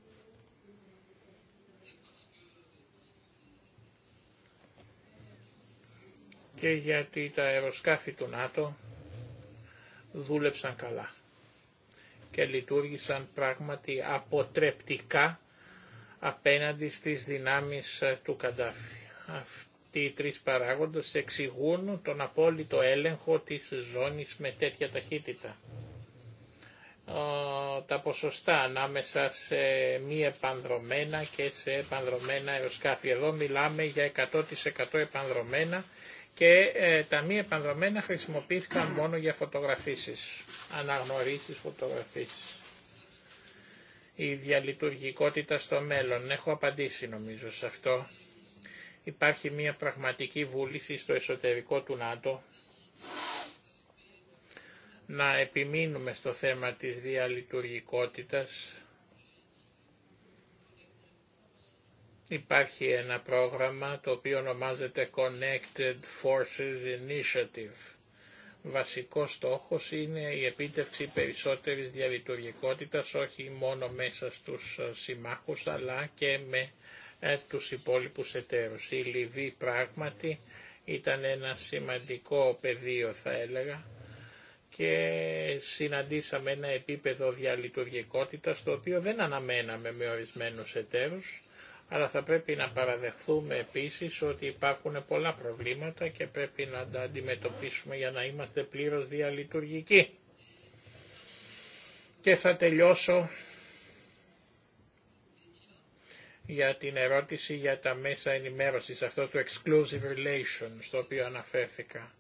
B: και γιατί τα αεροσκάφη του ΝΑΤΟ δούλεψαν καλά και λειτουργήσαν πράγματι αποτρεπτικά απέναντι στις δυνάμεις ε, του Καντάφη. Αυτοί οι τρεις παράγοντες εξηγούν τον απόλυτο έλεγχο της ζώνης με τέτοια ταχύτητα. Τα ποσοστά ανάμεσα σε μη επανδρομένα και σε επανδρομένα αεροσκάφη. Εδώ μιλάμε για 100% επανδρομένα και ε, τα μη επανδρομένα χρησιμοποιήθηκαν μόνο για φωτογραφίσεις, αναγνωρίσεις φωτογραφίσεις. Η διαλειτουργικότητα στο μέλλον, έχω απαντήσει νομίζω σε αυτό. Υπάρχει μια πραγματική βούληση στο εσωτερικό του ΝΑΤΟ να επιμείνουμε στο θέμα της διαλειτουργικότητας Υπάρχει ένα πρόγραμμα το οποίο ονομάζεται Connected Forces Initiative. Βασικό στόχος είναι η επίτευξη περισσότερης διαλειτουργικότητας όχι μόνο μέσα στους ε, συμμάχους αλλά και με ε, τους υπόλοιπους εταίρους. Η Λιβύη πράγματι ήταν ένα σημαντικό πεδίο θα έλεγα και συναντήσαμε ένα επίπεδο διαλειτουργικότητας το οποίο δεν αναμέναμε με ορισμένους εταίρους αλλά θα πρέπει να παραδεχθούμε επίσης ότι υπάρχουν πολλά προβλήματα και πρέπει να τα αντιμετωπίσουμε για να είμαστε πλήρως διαλειτουργικοί. Και θα τελειώσω για την ερώτηση για τα μέσα ενημέρωσης, αυτό το exclusive relation στο οποίο αναφέρθηκα.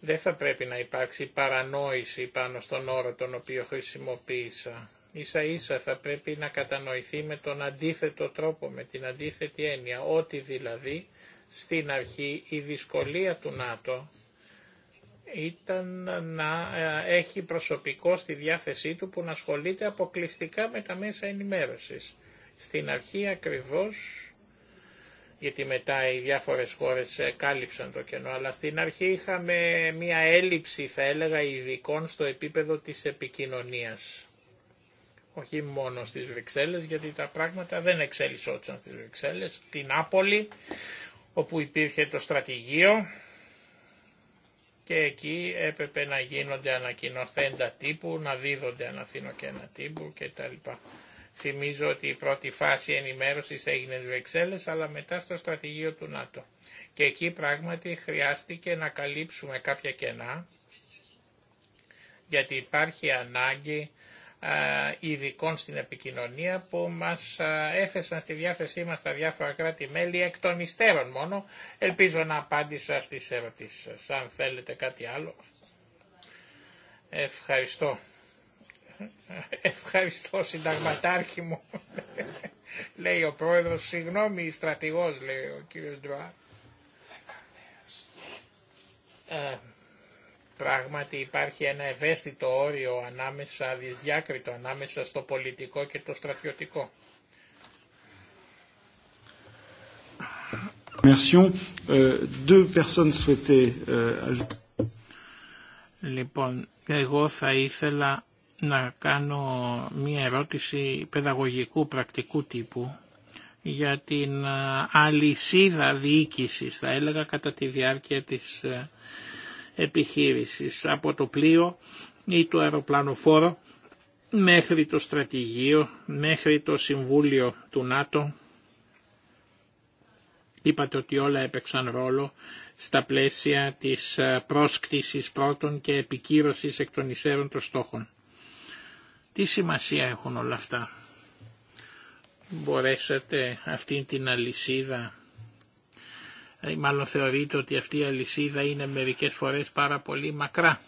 B: Δεν θα πρέπει να υπάρξει παρανόηση πάνω στον όρο τον οποίο χρησιμοποίησα. Ίσα ίσα θα πρέπει να κατανοηθεί με τον αντίθετο τρόπο, με την αντίθετη έννοια, ότι δηλαδή στην αρχή η δυσκολία του ΝΑΤΟ ήταν να ε, έχει προσωπικό στη διάθεσή του που να ασχολείται αποκλειστικά με τα μέσα ενημέρωσης. Στην αρχή ακριβώς, γιατί μετά οι διάφορες χώρες ε, κάλυψαν το κενό, αλλά στην αρχή είχαμε μια έλλειψη θα έλεγα ειδικών στο επίπεδο της επικοινωνίας όχι μόνο στις Βρυξέλλες, γιατί τα πράγματα δεν εξέλισσόντουσαν στις Βρυξέλλες, στην Άπολη, όπου υπήρχε το στρατηγείο και εκεί έπρεπε να γίνονται ανακοινοθέντα τύπου, να δίδονται και ένα τύπου κτλ. Θυμίζω ότι η πρώτη φάση ενημέρωσης έγινε στις Βρυξέλλες, αλλά μετά στο στρατηγείο του ΝΑΤΟ. Και εκεί πράγματι χρειάστηκε να καλύψουμε κάποια κενά, γιατί υπάρχει ανάγκη ειδικών στην επικοινωνία που μας έθεσαν στη διάθεσή μας τα διάφορα κράτη-μέλη εκ των υστέρων μόνο. Ελπίζω να απάντησα στις ερωτήσεις σας. Αν θέλετε κάτι άλλο. Ευχαριστώ. Ευχαριστώ συνταγματάρχη μου. λέει ο πρόεδρος, συγγνώμη στρατηγός λέει ο κύριος Ε, Πράγματι υπάρχει ένα ευαίσθητο όριο ανάμεσα, δυσδιάκριτο ανάμεσα στο πολιτικό και το στρατιωτικό.
A: Euh, euh,
B: λοιπόν, εγώ θα ήθελα να κάνω μία ερώτηση παιδαγωγικού πρακτικού τύπου για την ε, αλυσίδα διοίκηση, θα έλεγα κατά τη διάρκεια της ε, επιχείρησης από το πλοίο ή το αεροπλανοφόρο μέχρι το στρατηγείο, μέχρι το Συμβούλιο του ΝΑΤΟ. Είπατε ότι όλα έπαιξαν ρόλο στα πλαίσια της ε, πρόσκτησης πρώτων και επικύρωσης εκ των των στόχων. Τι σημασία έχουν όλα αυτά. Μπορέσατε αυτήν την αλυσίδα ε, αλυσίδα είναι μερικές φορές πάρα πολύ μακρά.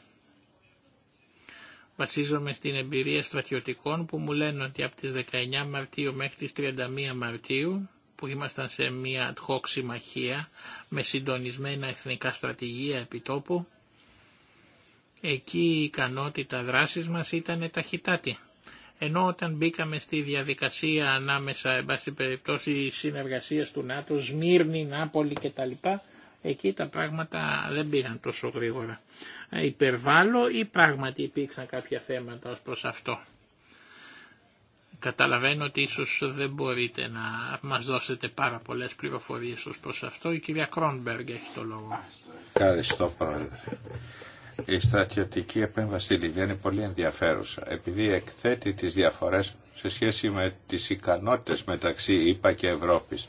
B: Βασίζομαι στην εμπειρία στρατιωτικών που μου λένε ότι από τις 19 Μαρτίου μέχρι τις 31 Μαρτίου που ήμασταν σε μια ad hoc συμμαχία με συντονισμένα εθνικά στρατηγία επιτόπου, εκεί η ικανότητα δράσης μας ήταν ταχυτάτη ενώ όταν μπήκαμε στη διαδικασία ανάμεσα, εν πάση περιπτώσει, συνεργασίας του ΝΑΤΟ, Σμύρνη, Νάπολη κτλ, εκεί τα πράγματα δεν πήγαν τόσο γρήγορα. Ε, υπερβάλλω ή πράγματι υπήρξαν κάποια θέματα ως προς αυτό. Καταλαβαίνω ότι ίσως δεν μπορείτε να μας δώσετε πάρα πολλές πληροφορίες ως προς αυτό. Η κυρία Κρόνμπεργκ έχει το λόγο.
A: Ευχαριστώ πρόεδρε. Η στρατιωτική επέμβαση στη Λιβύη είναι πολύ ενδιαφέρουσα επειδή εκθέτει τις διαφορές σε σχέση με τις ικανότητες μεταξύ ΙΠΑ και Ευρώπης.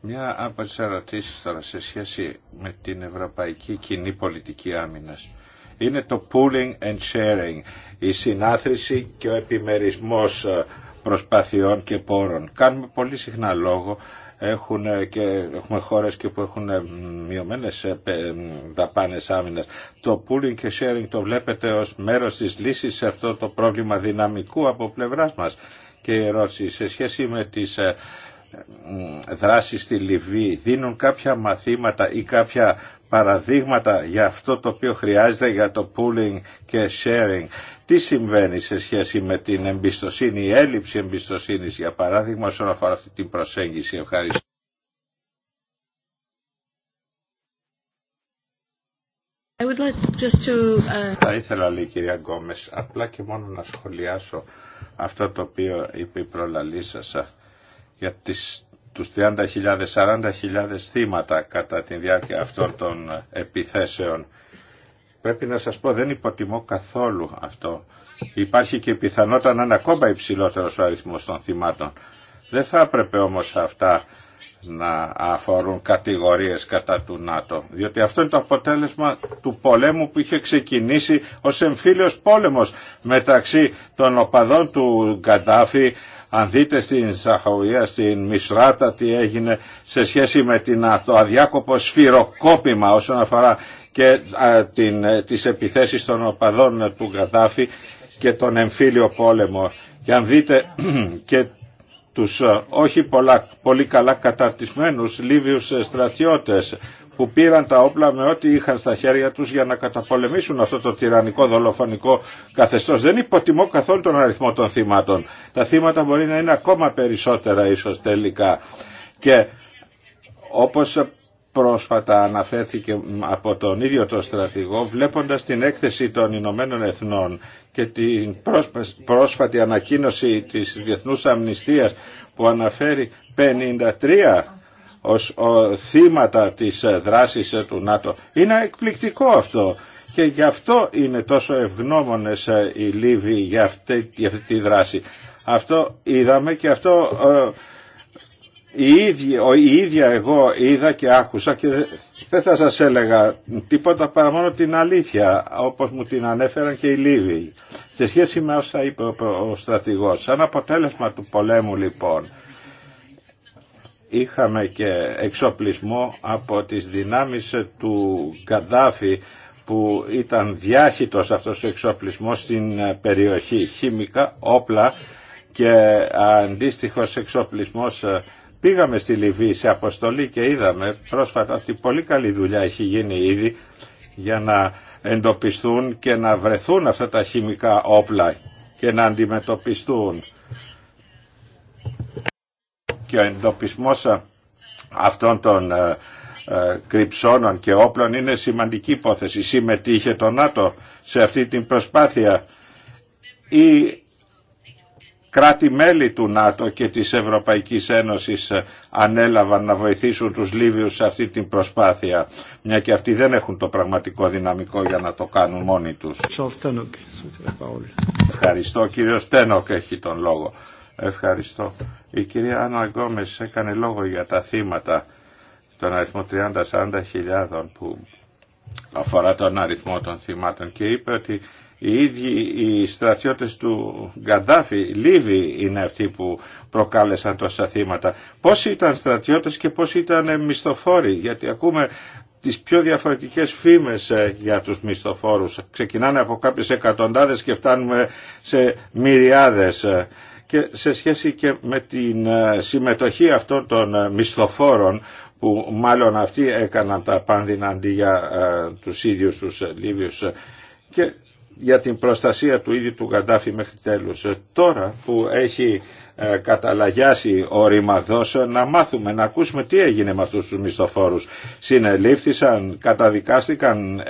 A: Μια από τις ερωτήσεις τώρα σε σχέση με την Ευρωπαϊκή Κοινή Πολιτική Άμυνας είναι το pooling and sharing, η συνάθρηση και ο επιμερισμός ε, προσπαθειών και πόρων. Κάνουμε πολύ συχνά λόγο έχουν ε, και έχουμε χώρες και που έχουν ε, μειωμένες ε, δαπάνες άμυνας. Το pooling και sharing το βλέπετε ως μέρος της λύσης σε αυτό το πρόβλημα δυναμικού από πλευράς μας. Και η ερώτηση σε σχέση με τις δράσεις στη Λιβύη δίνουν κάποια μαθήματα ή κάποια παραδείγματα για αυτό το οποίο χρειάζεται για το pooling και sharing. Τι συμβαίνει σε σχέση με την εμπιστοσύνη, η έλλειψη εμπιστοσύνης για παράδειγμα όσον αφορά αυτή την προσέγγιση. Ευχαριστώ.
C: I would like just to... Uh,
A: Θα ήθελα, λέει η κυρία Γκόμες, απλά και μόνο να σχολιάσω αυτό το οποίο είπε η προλαλή για τις τους 30.000, 40.000 θύματα κατά τη διάρκεια αυτών των επιθέσεων. Πρέπει να σας πω δεν υποτιμώ καθόλου αυτό. Υπάρχει και πιθανότητα να είναι ακόμα υψηλότερος ο αριθμός των θυμάτων. Δεν θα έπρεπε όμως αυτά να αφορούν κατηγορίες κατά του ΝΑΤΟ. Διότι αυτό είναι το αποτέλεσμα του πολέμου που είχε ξεκινήσει ως εμφύλιος πόλεμος μεταξύ των οπαδών του Γκαντάφη αν δείτε στην Σαχαουία, στην Μισράτα τι έγινε σε σχέση με την, το αδιάκοπο σφυροκόπημα όσον αφορά και την, ε, τις επιθέσεις των οπαδών του Γκαδάφη και τον εμφύλιο πόλεμο. Και αν δείτε και τους ε, όχι πολύ καλά καταρτισμένους Λίβιους στρατιώτες που πήραν τα όπλα με ό,τι είχαν στα χέρια τους για να καταπολεμήσουν αυτό το τυραννικό δολοφονικό καθεστώς. Δεν υποτιμώ καθόλου τον αριθμό των θύματων. Τα θύματα μπορεί να είναι ακόμα περισσότερα ίσως τελικά. Και όπως πρόσφατα αναφέρθηκε από τον ίδιο τον στρατηγό βλέποντας την έκθεση των Ηνωμένων Εθνών και την πρόσφατη ανακοίνωση της Διεθνούς Αμνηστίας που αναφέρει 53 ως θύματα της ε, δράσης ε, του ΝΑΤΟ. Είναι εκπληκτικό αυτό και γι' αυτό είναι τόσο ευγνώμονες ε, οι Λίβοι για αυτή, τη δράση. Αυτό είδαμε και αυτό η ίδια, η ίδια εγώ είδα και άκουσα και δεν θα σας έλεγα τίποτα παρά μόνο την αλήθεια όπως μου την ανέφεραν και οι Λίβοι σε σχέση με όσα είπε ο στρατηγός. Σαν αποτέλεσμα του πολέμου λοιπόν είχαμε και εξοπλισμό από τις δυνάμεις του Καντάφη που ήταν διάχυτος αυτός ο εξοπλισμός στην ε, περιοχή χημικά όπλα και ε, αντίστοιχος εξοπλισμός ε, πήγαμε στη Λιβύη σε αποστολή και είδαμε πρόσφατα ότι πολύ καλή δουλειά έχει γίνει ήδη για να εντοπιστούν και να βρεθούν αυτά τα χημικά όπλα και να αντιμετωπιστούν και ο εντοπισμός ε, αυτών των ε, ε, κρυψώνων και όπλων είναι σημαντική υπόθεση. Συμμετείχε το ΝΑΤΟ σε αυτή την προσπάθεια ή κράτη-μέλη του ΝΑΤΟ και της Ευρωπαϊκής Ένωσης ανέλαβαν να βοηθήσουν τους Λίβιους σε αυτή την προσπάθεια, μια και αυτοί δεν έχουν το πραγματικό δυναμικό για να το κάνουν μόνοι τους. Ευχαριστώ. Κύριο Στένοκ έχει τον λόγο. Ευχαριστώ. Η κυρία Άννα Γκόμες έκανε λόγο για τα θύματα τον αριθμό 30-40 χιλιάδων που αφορά τον αριθμό των θυμάτων και είπε ότι οι ίδιοι οι στρατιώτες του Γκαντάφη, Λίβοι είναι αυτοί που προκάλεσαν τόσα θύματα. Πώς ήταν στρατιώτες και πώς ήταν μισθοφόροι, γιατί ακούμε τις πιο διαφορετικές φήμες ε, για τους μισθοφόρους. Ξεκινάνε από κάποιες εκατοντάδες και φτάνουμε σε μυριάδες. Ε και σε σχέση και με την ε, συμμετοχή αυτών των ε, μισθοφόρων που μάλλον αυτοί έκαναν τα πάνδυνα αντί για ε, τους ίδιους τους Λίβιους και για την προστασία του ίδιου του Γαντάφη μέχρι τέλους. Τώρα που έχει καταλαγιάσει ο ρημαδός να μάθουμε, να ακούσουμε τι έγινε με αυτούς τους μισθοφόρους. Συνελήφθησαν, καταδικάστηκαν,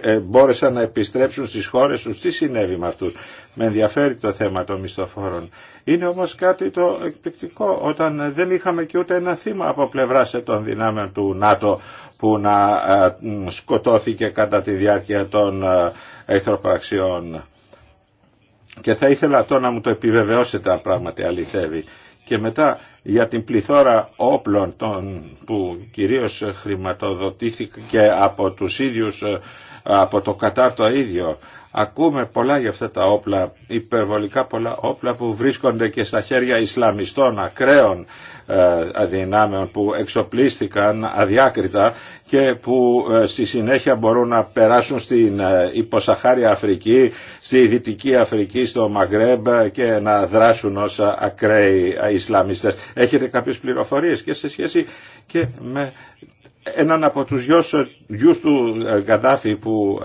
A: ε, μπόρεσαν να επιστρέψουν στις χώρες τους. Τι συνέβη με αυτούς. Με ενδιαφέρει το θέμα των μισθοφόρων. Είναι όμως κάτι το εκπληκτικό όταν δεν είχαμε και ούτε ένα θύμα από πλευρά των δυνάμεων του ΝΑΤΟ που να ε, σκοτώθηκε κατά τη διάρκεια των ε, εχθροπραξιών. Και θα ήθελα αυτό να μου το επιβεβαιώσετε αν πράγματι αληθεύει. Και μετά για την πληθώρα όπλων των, που κυρίως χρηματοδοτήθηκε από τους ίδιους από το Κατάρ το ίδιο. Ακούμε πολλά για αυτά τα όπλα, υπερβολικά πολλά όπλα που βρίσκονται και στα χέρια Ισλαμιστών ακραίων ε, αδυνάμεων που εξοπλίστηκαν αδιάκριτα και που ε, στη συνέχεια μπορούν να περάσουν στην ε, υποσαχάρια Αφρική, στη Δυτική Αφρική, στο Μαγκρέμπ και να δράσουν ως ακραίοι Ισλαμιστές. Έχετε κάποιες πληροφορίες και σε σχέση και με έναν από τους γιους, ε, γιους του Γκαντάφη ε, που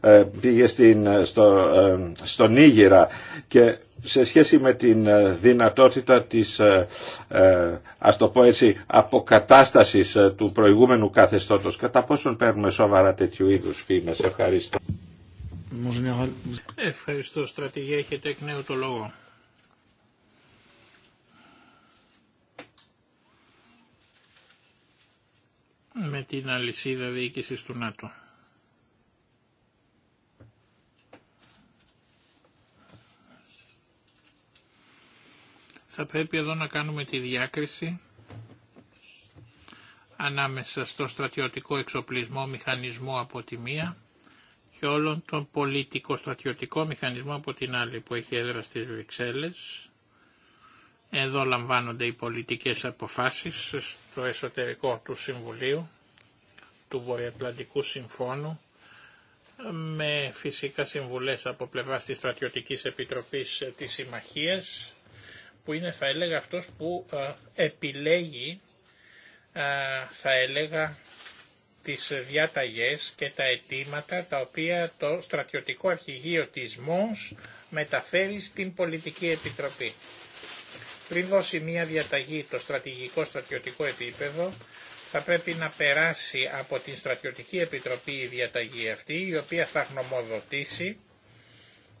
A: ε, πήγε στην, στο, ε, στον Νίγηρα και σε σχέση με την δυνατότητα της, ας το πω έτσι, αποκατάστασης του προηγούμενου καθεστώτος. Κατά πόσον παίρνουμε σοβαρά τέτοιου είδους φήμες. Ευχαριστώ.
B: Ευχαριστώ στρατηγέ. Έχετε εκ νέου το λόγο. με την αλυσίδα διοίκησης του ΝΑΤΟ. Θα πρέπει εδώ να κάνουμε τη διάκριση ανάμεσα στο στρατιωτικό εξοπλισμό μηχανισμό από τη μία και όλον τον πολιτικο-στρατιωτικό μηχανισμό από την άλλη που έχει έδρα στις Βρυξέλλες εδώ λαμβάνονται οι πολιτικές αποφάσεις στο εσωτερικό του Συμβουλίου, του Βορειοατλαντικού Συμφώνου, με φυσικά συμβουλές από πλευράς της Στρατιωτικής Επιτροπής της Συμμαχίας, που είναι θα έλεγα αυτός που ε, επιλέγει, ε, θα έλεγα, τις διάταγες και τα αιτήματα τα οποία το στρατιωτικό αρχηγείο της ΜΟΣ μεταφέρει στην Πολιτική Επιτροπή πριν δώσει μια διαταγή το στρατηγικό στρατιωτικό επίπεδο, θα πρέπει να περάσει από την Στρατιωτική Επιτροπή η διαταγή αυτή, η οποία θα γνωμοδοτήσει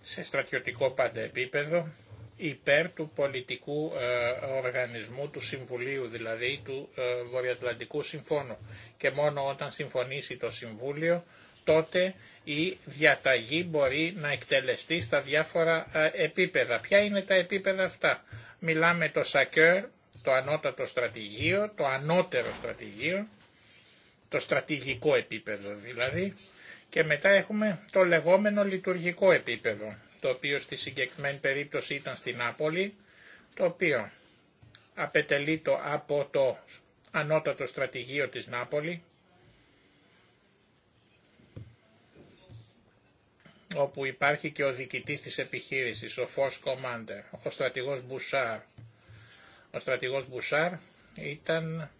B: σε στρατιωτικό πάντα επίπεδο υπέρ του πολιτικού ε, οργανισμού, του Συμβουλίου δηλαδή, του ε, Βορειοατλαντικού Συμφώνου. Και μόνο όταν συμφωνήσει το Συμβούλιο, τότε η διαταγή μπορεί να εκτελεστεί στα διάφορα ε, επίπεδα. Ποια είναι τα επίπεδα αυτά. Μιλάμε το ΣΑΚΕΡ, το ανώτατο στρατηγείο, το ανώτερο στρατηγείο, το στρατηγικό επίπεδο δηλαδή, και μετά έχουμε το λεγόμενο λειτουργικό επίπεδο, το οποίο στη συγκεκριμένη περίπτωση ήταν στην Άπολη, το οποίο απετελεί το από το ανώτατο στρατηγείο της Νάπολη, όπου υπάρχει και ο διοικητής της επιχείρησης, ο Force Commander, ο στρατηγός Μπουσάρ. Ο στρατηγός Μπουσάρ ήταν,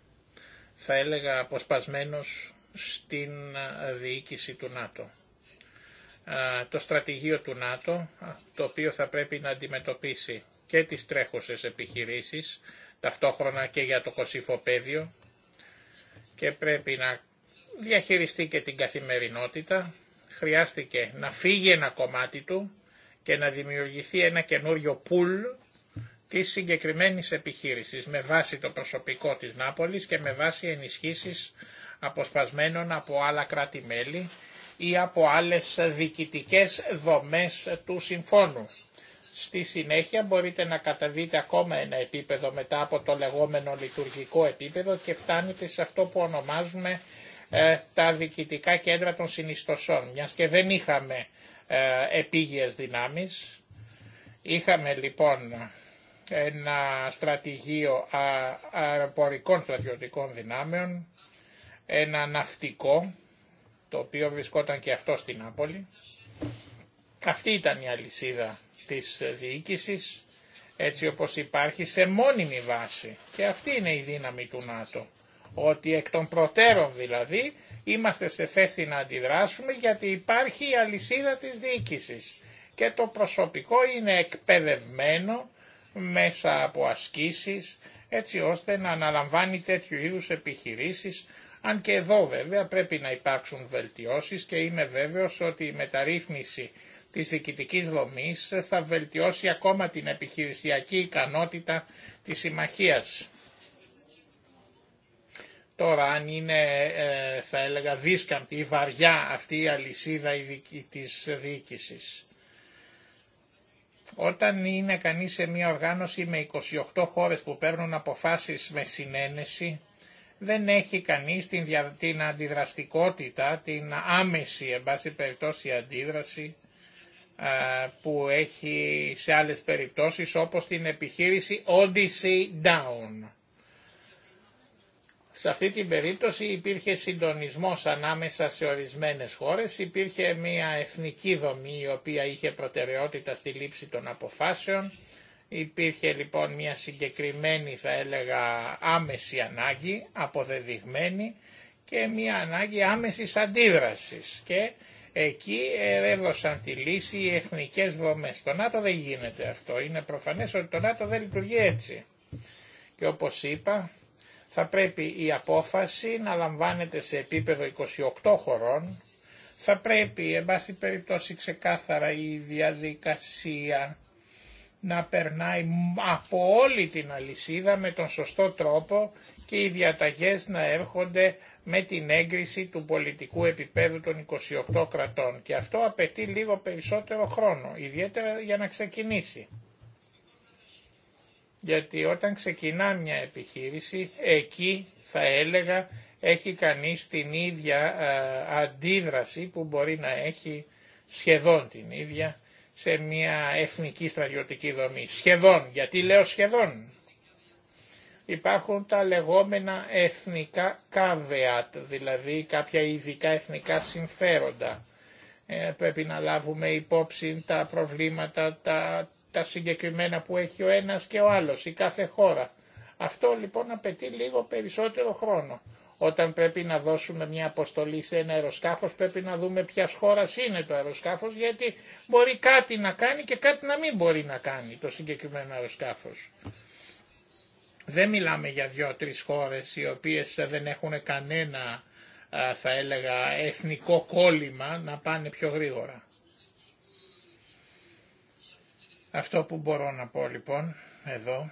B: θα έλεγα, αποσπασμένος στην διοίκηση του ΝΑΤΟ. Το στρατηγείο του ΝΑΤΟ, το οποίο θα πρέπει να αντιμετωπίσει και τις τρέχουσες επιχειρήσεις, ταυτόχρονα και για το κοσυφοπέδιο και πρέπει να διαχειριστεί και την καθημερινότητα χρειάστηκε να φύγει ένα κομμάτι του και να δημιουργηθεί ένα καινούριο πουλ της συγκεκριμένης επιχείρησης με βάση το προσωπικό της Νάπολης και με βάση ενισχύσεις αποσπασμένων από άλλα κράτη-μέλη ή από άλλες διοικητικές δομές του συμφώνου. Στη συνέχεια μπορείτε να καταβείτε ακόμα ένα επίπεδο μετά από το λεγόμενο λειτουργικό επίπεδο και φτάνετε σε αυτό που ονομάζουμε ε, τα διοικητικά κέντρα των συνιστοσών, μιας και δεν είχαμε ε, επίγειες δυνάμεις. Είχαμε λοιπόν ένα στρατηγείο αεροπορικών στρατιωτικών δυνάμεων, ένα ναυτικό, το οποίο βρισκόταν και αυτό στην Άπολη. Αυτή ήταν η αλυσίδα της διοίκησης, έτσι όπως υπάρχει σε μόνιμη βάση. Και αυτή είναι η δύναμη του ΝΑΤΟ ότι εκ των προτέρων δηλαδή είμαστε σε θέση να αντιδράσουμε γιατί υπάρχει η αλυσίδα της διοίκησης και το προσωπικό είναι εκπαιδευμένο μέσα από ασκήσεις έτσι ώστε να αναλαμβάνει τέτοιου είδους επιχειρήσεις αν και εδώ βέβαια πρέπει να υπάρξουν βελτιώσεις και είμαι βέβαιος ότι η μεταρρύθμιση της διοικητικής δομής θα βελτιώσει ακόμα την επιχειρησιακή ικανότητα της συμμαχίας. Τώρα αν είναι ε, θα έλεγα δίσκαμπτη ή βαριά αυτή η αλυσίδα της διοίκησης. Όταν είναι κανείς σε μια οργάνωση με 28 χώρες που παίρνουν αποφάσεις με συνένεση, δεν έχει κανείς την, δια, την αντιδραστικότητα, την άμεση εν πάση περιπτώσει αντίδραση που έχει σε άλλες περιπτώσεις όπως την επιχείρηση Odyssey Down. Σε αυτή την περίπτωση υπήρχε συντονισμός ανάμεσα σε ορισμένες χώρες, υπήρχε μια εθνική δομή η οποία είχε προτεραιότητα στη λήψη των αποφάσεων, υπήρχε λοιπόν μια συγκεκριμένη θα έλεγα άμεση ανάγκη, αποδεδειγμένη και μια ανάγκη άμεσης αντίδρασης και εκεί έδωσαν τη λύση οι εθνικές δομές. Το ΝΑΤΟ δεν γίνεται αυτό, είναι προφανές ότι το ΝΑΤΟ δεν λειτουργεί έτσι. Και όπως είπα, θα πρέπει η απόφαση να λαμβάνεται σε επίπεδο 28 χωρών, θα πρέπει, εν πάση περιπτώσει ξεκάθαρα, η διαδικασία να περνάει από όλη την αλυσίδα με τον σωστό τρόπο και οι διαταγές να έρχονται με την έγκριση του πολιτικού επίπεδου των 28 κρατών. Και αυτό απαιτεί λίγο περισσότερο χρόνο, ιδιαίτερα για να ξεκινήσει γιατί όταν ξεκινά μια επιχείρηση, εκεί θα έλεγα έχει κανείς την ίδια αντίδραση που μπορεί να έχει σχεδόν την ίδια σε μια εθνική στρατιωτική δομή. Σχεδόν, γιατί λέω σχεδόν. Υπάρχουν τα λεγόμενα εθνικά caveat, δηλαδή κάποια ειδικά εθνικά συμφέροντα. Ε, πρέπει να λάβουμε υπόψη τα προβλήματα, τα τα συγκεκριμένα που έχει ο ένας και ο άλλος, η κάθε χώρα. Αυτό λοιπόν απαιτεί λίγο περισσότερο χρόνο. Όταν πρέπει να δώσουμε μια αποστολή σε ένα αεροσκάφος πρέπει να δούμε ποια χώρα είναι το αεροσκάφος γιατί μπορεί κάτι να κάνει και κάτι να μην μπορεί να κάνει το συγκεκριμένο αεροσκάφος. Δεν μιλάμε για δύο-τρεις χώρες οι οποίες δεν έχουν κανένα θα έλεγα εθνικό κόλλημα να πάνε πιο γρήγορα. Αυτό που μπορώ να πω λοιπόν εδώ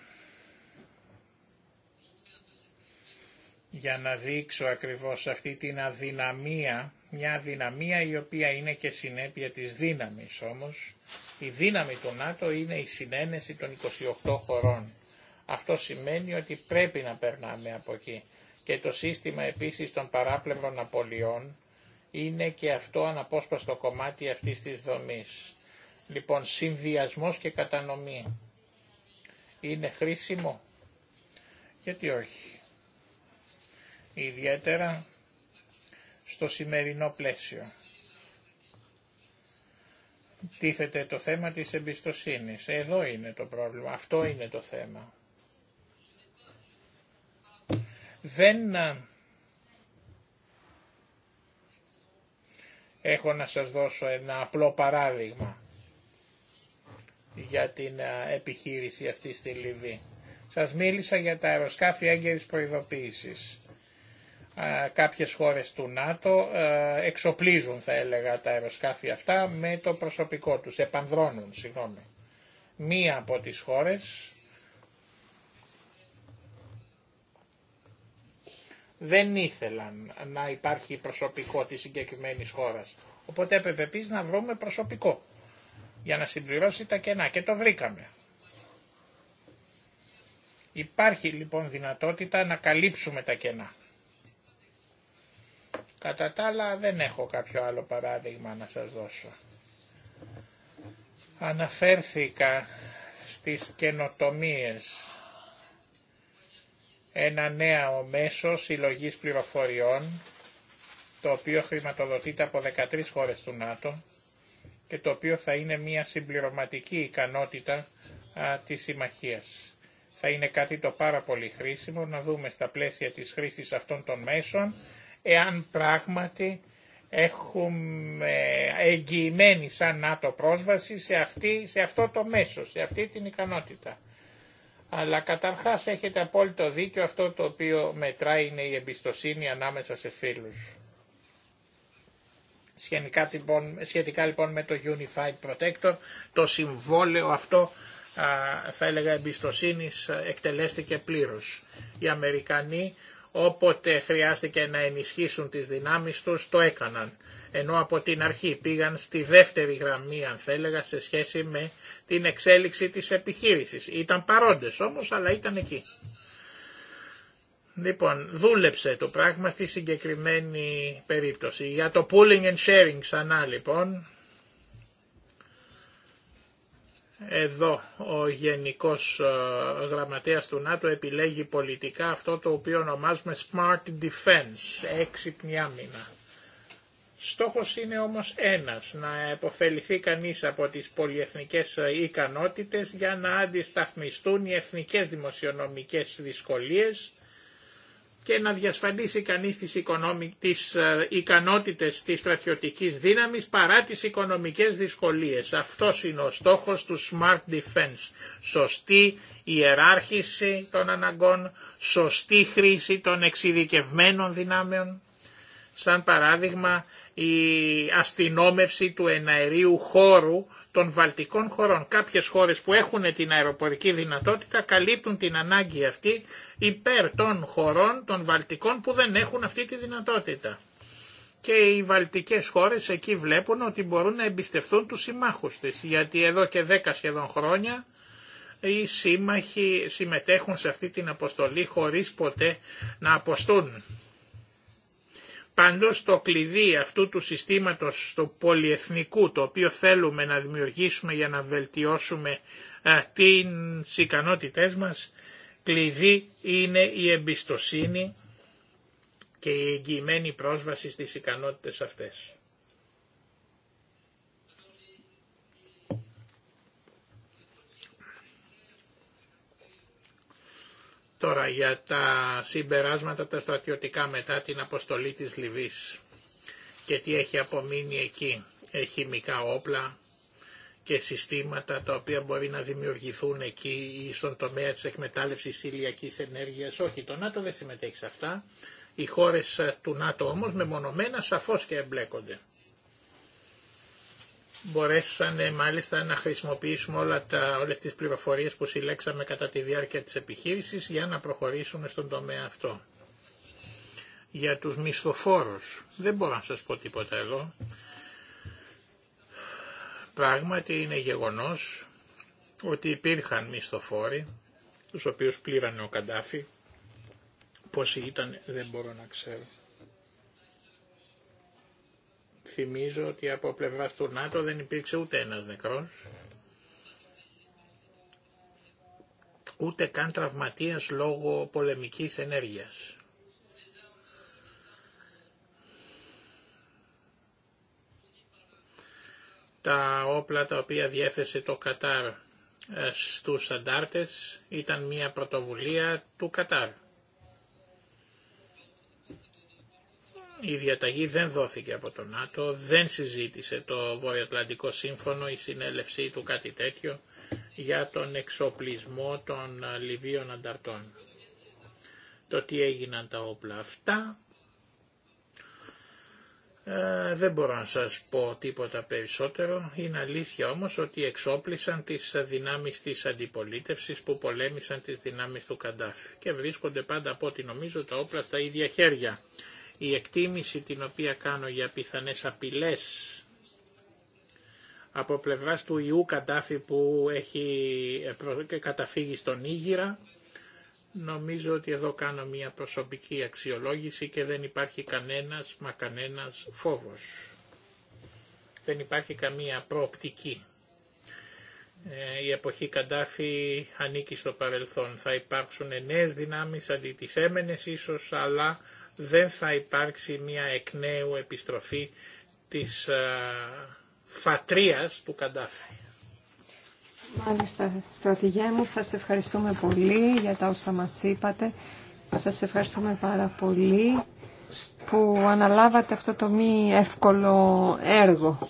B: για να δείξω ακριβώς αυτή την αδυναμία, μια αδυναμία η οποία είναι και συνέπεια της δύναμης όμως. Η δύναμη του ΝΑΤΟ είναι η συνένεση των 28 χωρών. Αυτό σημαίνει ότι πρέπει να περνάμε από εκεί. Και το σύστημα επίσης των παράπλευρων απολειών είναι και αυτό αναπόσπαστο κομμάτι αυτής της δομής. Λοιπόν, συνδυασμός και κατανομή. Είναι χρήσιμο. Γιατί όχι. Ιδιαίτερα στο σημερινό πλαίσιο. Τίθεται το θέμα της εμπιστοσύνης. Εδώ είναι το πρόβλημα. Αυτό είναι το θέμα. Δεν έχω να σας δώσω ένα απλό παράδειγμα για την επιχείρηση αυτή στη Λιβύη. Σας μίλησα για τα αεροσκάφη έγκαιρης προειδοποίησης. Κάποιες χώρες του ΝΑΤΟ εξοπλίζουν θα έλεγα τα αεροσκάφη αυτά με το προσωπικό τους, επανδρώνουν, συγγνώμη. Μία από τις χώρες δεν ήθελαν να υπάρχει προσωπικό της συγκεκριμένης χώρας. Οπότε έπρεπε επίσης να βρούμε προσωπικό για να συμπληρώσει τα κενά και το βρήκαμε. Υπάρχει λοιπόν δυνατότητα να καλύψουμε τα κενά. Κατά τα άλλα δεν έχω κάποιο άλλο παράδειγμα να σας δώσω. Αναφέρθηκα στις καινοτομίες. Ένα νέο μέσο συλλογής πληροφοριών, το οποίο χρηματοδοτείται από 13 χώρες του ΝΑΤΟ, και το οποίο θα είναι μια συμπληρωματική ικανότητα α, της συμμαχίας. Θα είναι κάτι το πάρα πολύ χρήσιμο να δούμε στα πλαίσια της χρήσης αυτών των μέσων εάν πράγματι έχουμε εγγυημένη σαν ΝΑΤΟ πρόσβαση σε, αυτή, σε αυτό το μέσο, σε αυτή την ικανότητα. Αλλά καταρχάς έχετε απόλυτο δίκιο αυτό το οποίο μετράει είναι η εμπιστοσύνη ανάμεσα σε φίλους. Σχετικά λοιπόν, σχετικά λοιπόν με το Unified Protector, το συμβόλαιο αυτό θα έλεγα εμπιστοσύνη, εκτελέστηκε πλήρως. Οι Αμερικανοί όποτε χρειάστηκε να ενισχύσουν τις δυνάμεις τους το έκαναν. Ενώ από την αρχή πήγαν στη δεύτερη γραμμή αν θα σε σχέση με την εξέλιξη της επιχείρησης. Ήταν παρόντες όμως αλλά ήταν εκεί. Λοιπόν, δούλεψε το πράγμα στη συγκεκριμένη περίπτωση. Για το pooling and sharing ξανά λοιπόν, εδώ ο Γενικός ε, Γραμματέας του ΝΑΤΟ επιλέγει πολιτικά αυτό το οποίο ονομάζουμε Smart Defense, έξυπνη άμυνα. Στόχος είναι όμως ένας, να επωφεληθεί κανείς από τις πολυεθνικές ε, ικανότητες για να αντισταθμιστούν οι εθνικές δημοσιονομικές δυσκολίες και να διασφαλίσει κανείς τις, οικονομι... τις ε, ικανότητες της στρατιωτικής δύναμης παρά τις οικονομικές δυσκολίες. Αυτός είναι ο στόχος του Smart Defense. Σωστή ιεράρχηση των αναγκών, σωστή χρήση των εξειδικευμένων δυνάμεων. Σαν παράδειγμα η αστυνόμευση του εναερίου χώρου των βαλτικών χωρών. Κάποιες χώρες που έχουν την αεροπορική δυνατότητα καλύπτουν την ανάγκη αυτή υπέρ των χωρών των βαλτικών που δεν έχουν αυτή τη δυνατότητα. Και οι βαλτικές χώρες εκεί βλέπουν ότι μπορούν να εμπιστευτούν τους συμμάχους της, γιατί εδώ και δέκα σχεδόν χρόνια οι σύμμαχοι συμμετέχουν σε αυτή την αποστολή χωρίς ποτέ να αποστούν. Πάντως το κλειδί αυτού του συστήματος του πολυεθνικού το οποίο θέλουμε να δημιουργήσουμε για να βελτιώσουμε τις ικανότητές μας, κλειδί είναι η εμπιστοσύνη και η εγγυημένη πρόσβαση στις ικανότητες αυτές. Τώρα για τα συμπεράσματα τα στρατιωτικά μετά την αποστολή της Λιβύης και τι έχει απομείνει εκεί. Χημικά όπλα και συστήματα τα οποία μπορεί να δημιουργηθούν εκεί ή στον τομέα της εκμετάλλευσης ηλιακής ενέργειας. Όχι, το ΝΑΤΟ δεν συμμετέχει σε αυτά. Οι χώρες του ΝΑΤΟ όμως μεμονωμένα σαφώς και εμπλέκονται μπορέσανε μάλιστα να χρησιμοποιήσουμε όλα τα, όλες τις πληροφορίες που συλλέξαμε κατά τη διάρκεια της επιχείρησης για να προχωρήσουμε στον τομέα αυτό. Για τους μισθοφόρους δεν μπορώ να σας πω τίποτα εδώ. Πράγματι είναι γεγονός ότι υπήρχαν μισθοφόροι, τους οποίους πλήρανε ο Καντάφη, πόσοι ήταν δεν μπορώ να ξέρω. Θυμίζω ότι από πλευράς του ΝΑΤΟ δεν υπήρξε ούτε ένας νεκρός, ούτε καν τραυματίας λόγω πολεμικής ενέργειας. Τα όπλα τα οποία διέθεσε το Κατάρ ε, στους αντάρτες ήταν μια πρωτοβουλία του Κατάρ. η διαταγή δεν δόθηκε από το ΝΑΤΟ, δεν συζήτησε το Βορειοατλαντικό Σύμφωνο, η συνέλευσή του κάτι τέτοιο για τον εξοπλισμό των ε, Λιβύων ανταρτών. Το τι έγιναν τα όπλα αυτά ε, δεν μπορώ να σας πω τίποτα περισσότερο. Είναι αλήθεια όμως ότι εξόπλισαν τις δυνάμεις της αντιπολίτευσης που πολέμησαν τις δυνάμεις του Καντάφη και βρίσκονται πάντα από ό,τι νομίζω τα όπλα στα ίδια χέρια η εκτίμηση την οποία κάνω για πιθανές απειλές από πλευράς του Ιού Καντάφη που έχει ε, καταφύγει στον Ήγυρα, νομίζω ότι εδώ κάνω μια προσωπική αξιολόγηση και δεν υπάρχει κανένας μα κανένας φόβος. Δεν υπάρχει καμία προοπτική. Ε, η εποχή Καντάφη ανήκει στο παρελθόν. Θα υπάρξουν νέες δυνάμεις αντιτιθέμενες ίσως, αλλά δεν θα υπάρξει μια εκ νέου επιστροφή της ε, φατρίας του Καντάφη.
C: Μάλιστα, στρατηγέ μου, σας ευχαριστούμε πολύ για τα όσα μας είπατε. Σας ευχαριστούμε πάρα πολύ που αναλάβατε αυτό το μη εύκολο έργο.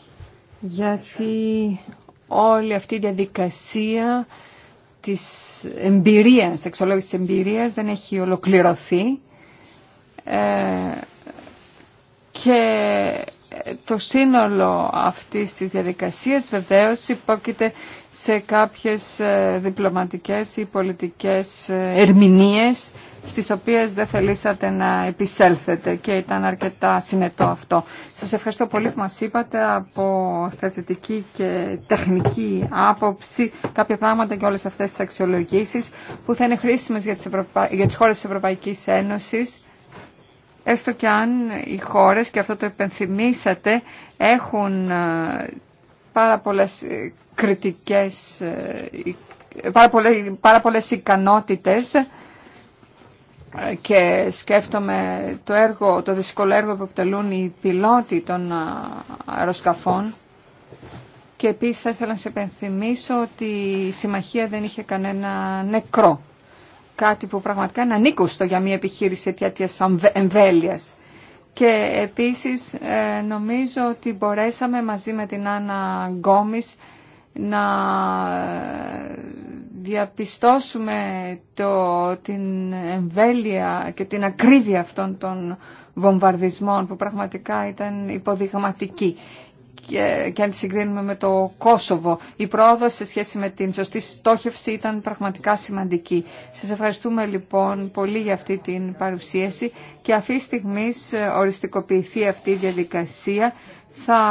C: Γιατί όλη αυτή η διαδικασία της εμπειρίας, εξολόγησης της εμπειρίας δεν έχει ολοκληρωθεί ε, και το σύνολο αυτής της διαδικασίας βεβαίως υπόκειται σε κάποιες ε, διπλωματικές ή πολιτικές ε, ερμηνείες στις οποίες δεν θελήσατε να επισέλθετε και ήταν αρκετά συνετό αυτό. Σας ευχαριστώ πολύ που μας είπατε από στρατιωτική και τεχνική άποψη κάποια πράγματα και όλες αυτές τις αξιολογήσεις που θα είναι χρήσιμες για τις, Ευρωπα... για τις χώρες της Ευρωπαϊκής Ένωσης έστω και αν οι χώρες, και αυτό το επενθυμίσατε, έχουν ε, πάρα πολλές ε, κριτικές, ε, πάρα πολλές, πάρα ικανότητες και σκέφτομαι το, έργο, το δύσκολο έργο που εκτελούν οι πιλότοι των αεροσκαφών και επίσης θα ήθελα να σε επενθυμίσω ότι η συμμαχία δεν είχε κανένα νεκρό κάτι που πραγματικά είναι ανήκουστο για μια επιχείρηση τέτοια εμβέλεια. Και επίσης ε, νομίζω ότι μπορέσαμε μαζί με την Άννα Γκόμης να ε, διαπιστώσουμε το, την εμβέλεια και την ακρίβεια αυτών των βομβαρδισμών που πραγματικά ήταν υποδειγματική και, αν συγκρίνουμε με το Κόσοβο, η πρόοδος σε σχέση με την σωστή στόχευση ήταν πραγματικά σημαντική. Σας ευχαριστούμε λοιπόν πολύ για αυτή την παρουσίαση και αυτή τη στιγμή οριστικοποιηθεί αυτή η διαδικασία. Θα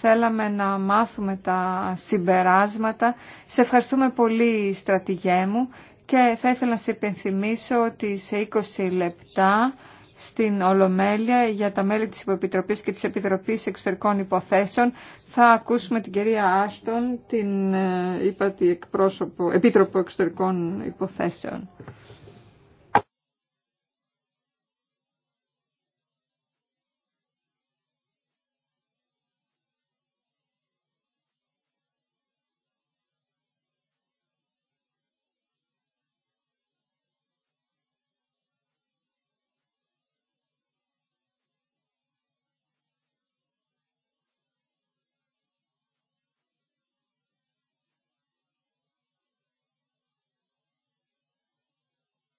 C: θέλαμε να μάθουμε τα συμπεράσματα. Σε ευχαριστούμε πολύ στρατηγέ μου και θα ήθελα να σε υπενθυμίσω ότι σε 20 λεπτά στην Ολομέλεια για τα μέλη της Υποεπιτροπής και της Επιτροπής Εξωτερικών Υποθέσεων. Θα ακούσουμε την κυρία Άστον, την ε, είπα, εκπρόσωπο, Επίτροπο Εξωτερικών Υποθέσεων.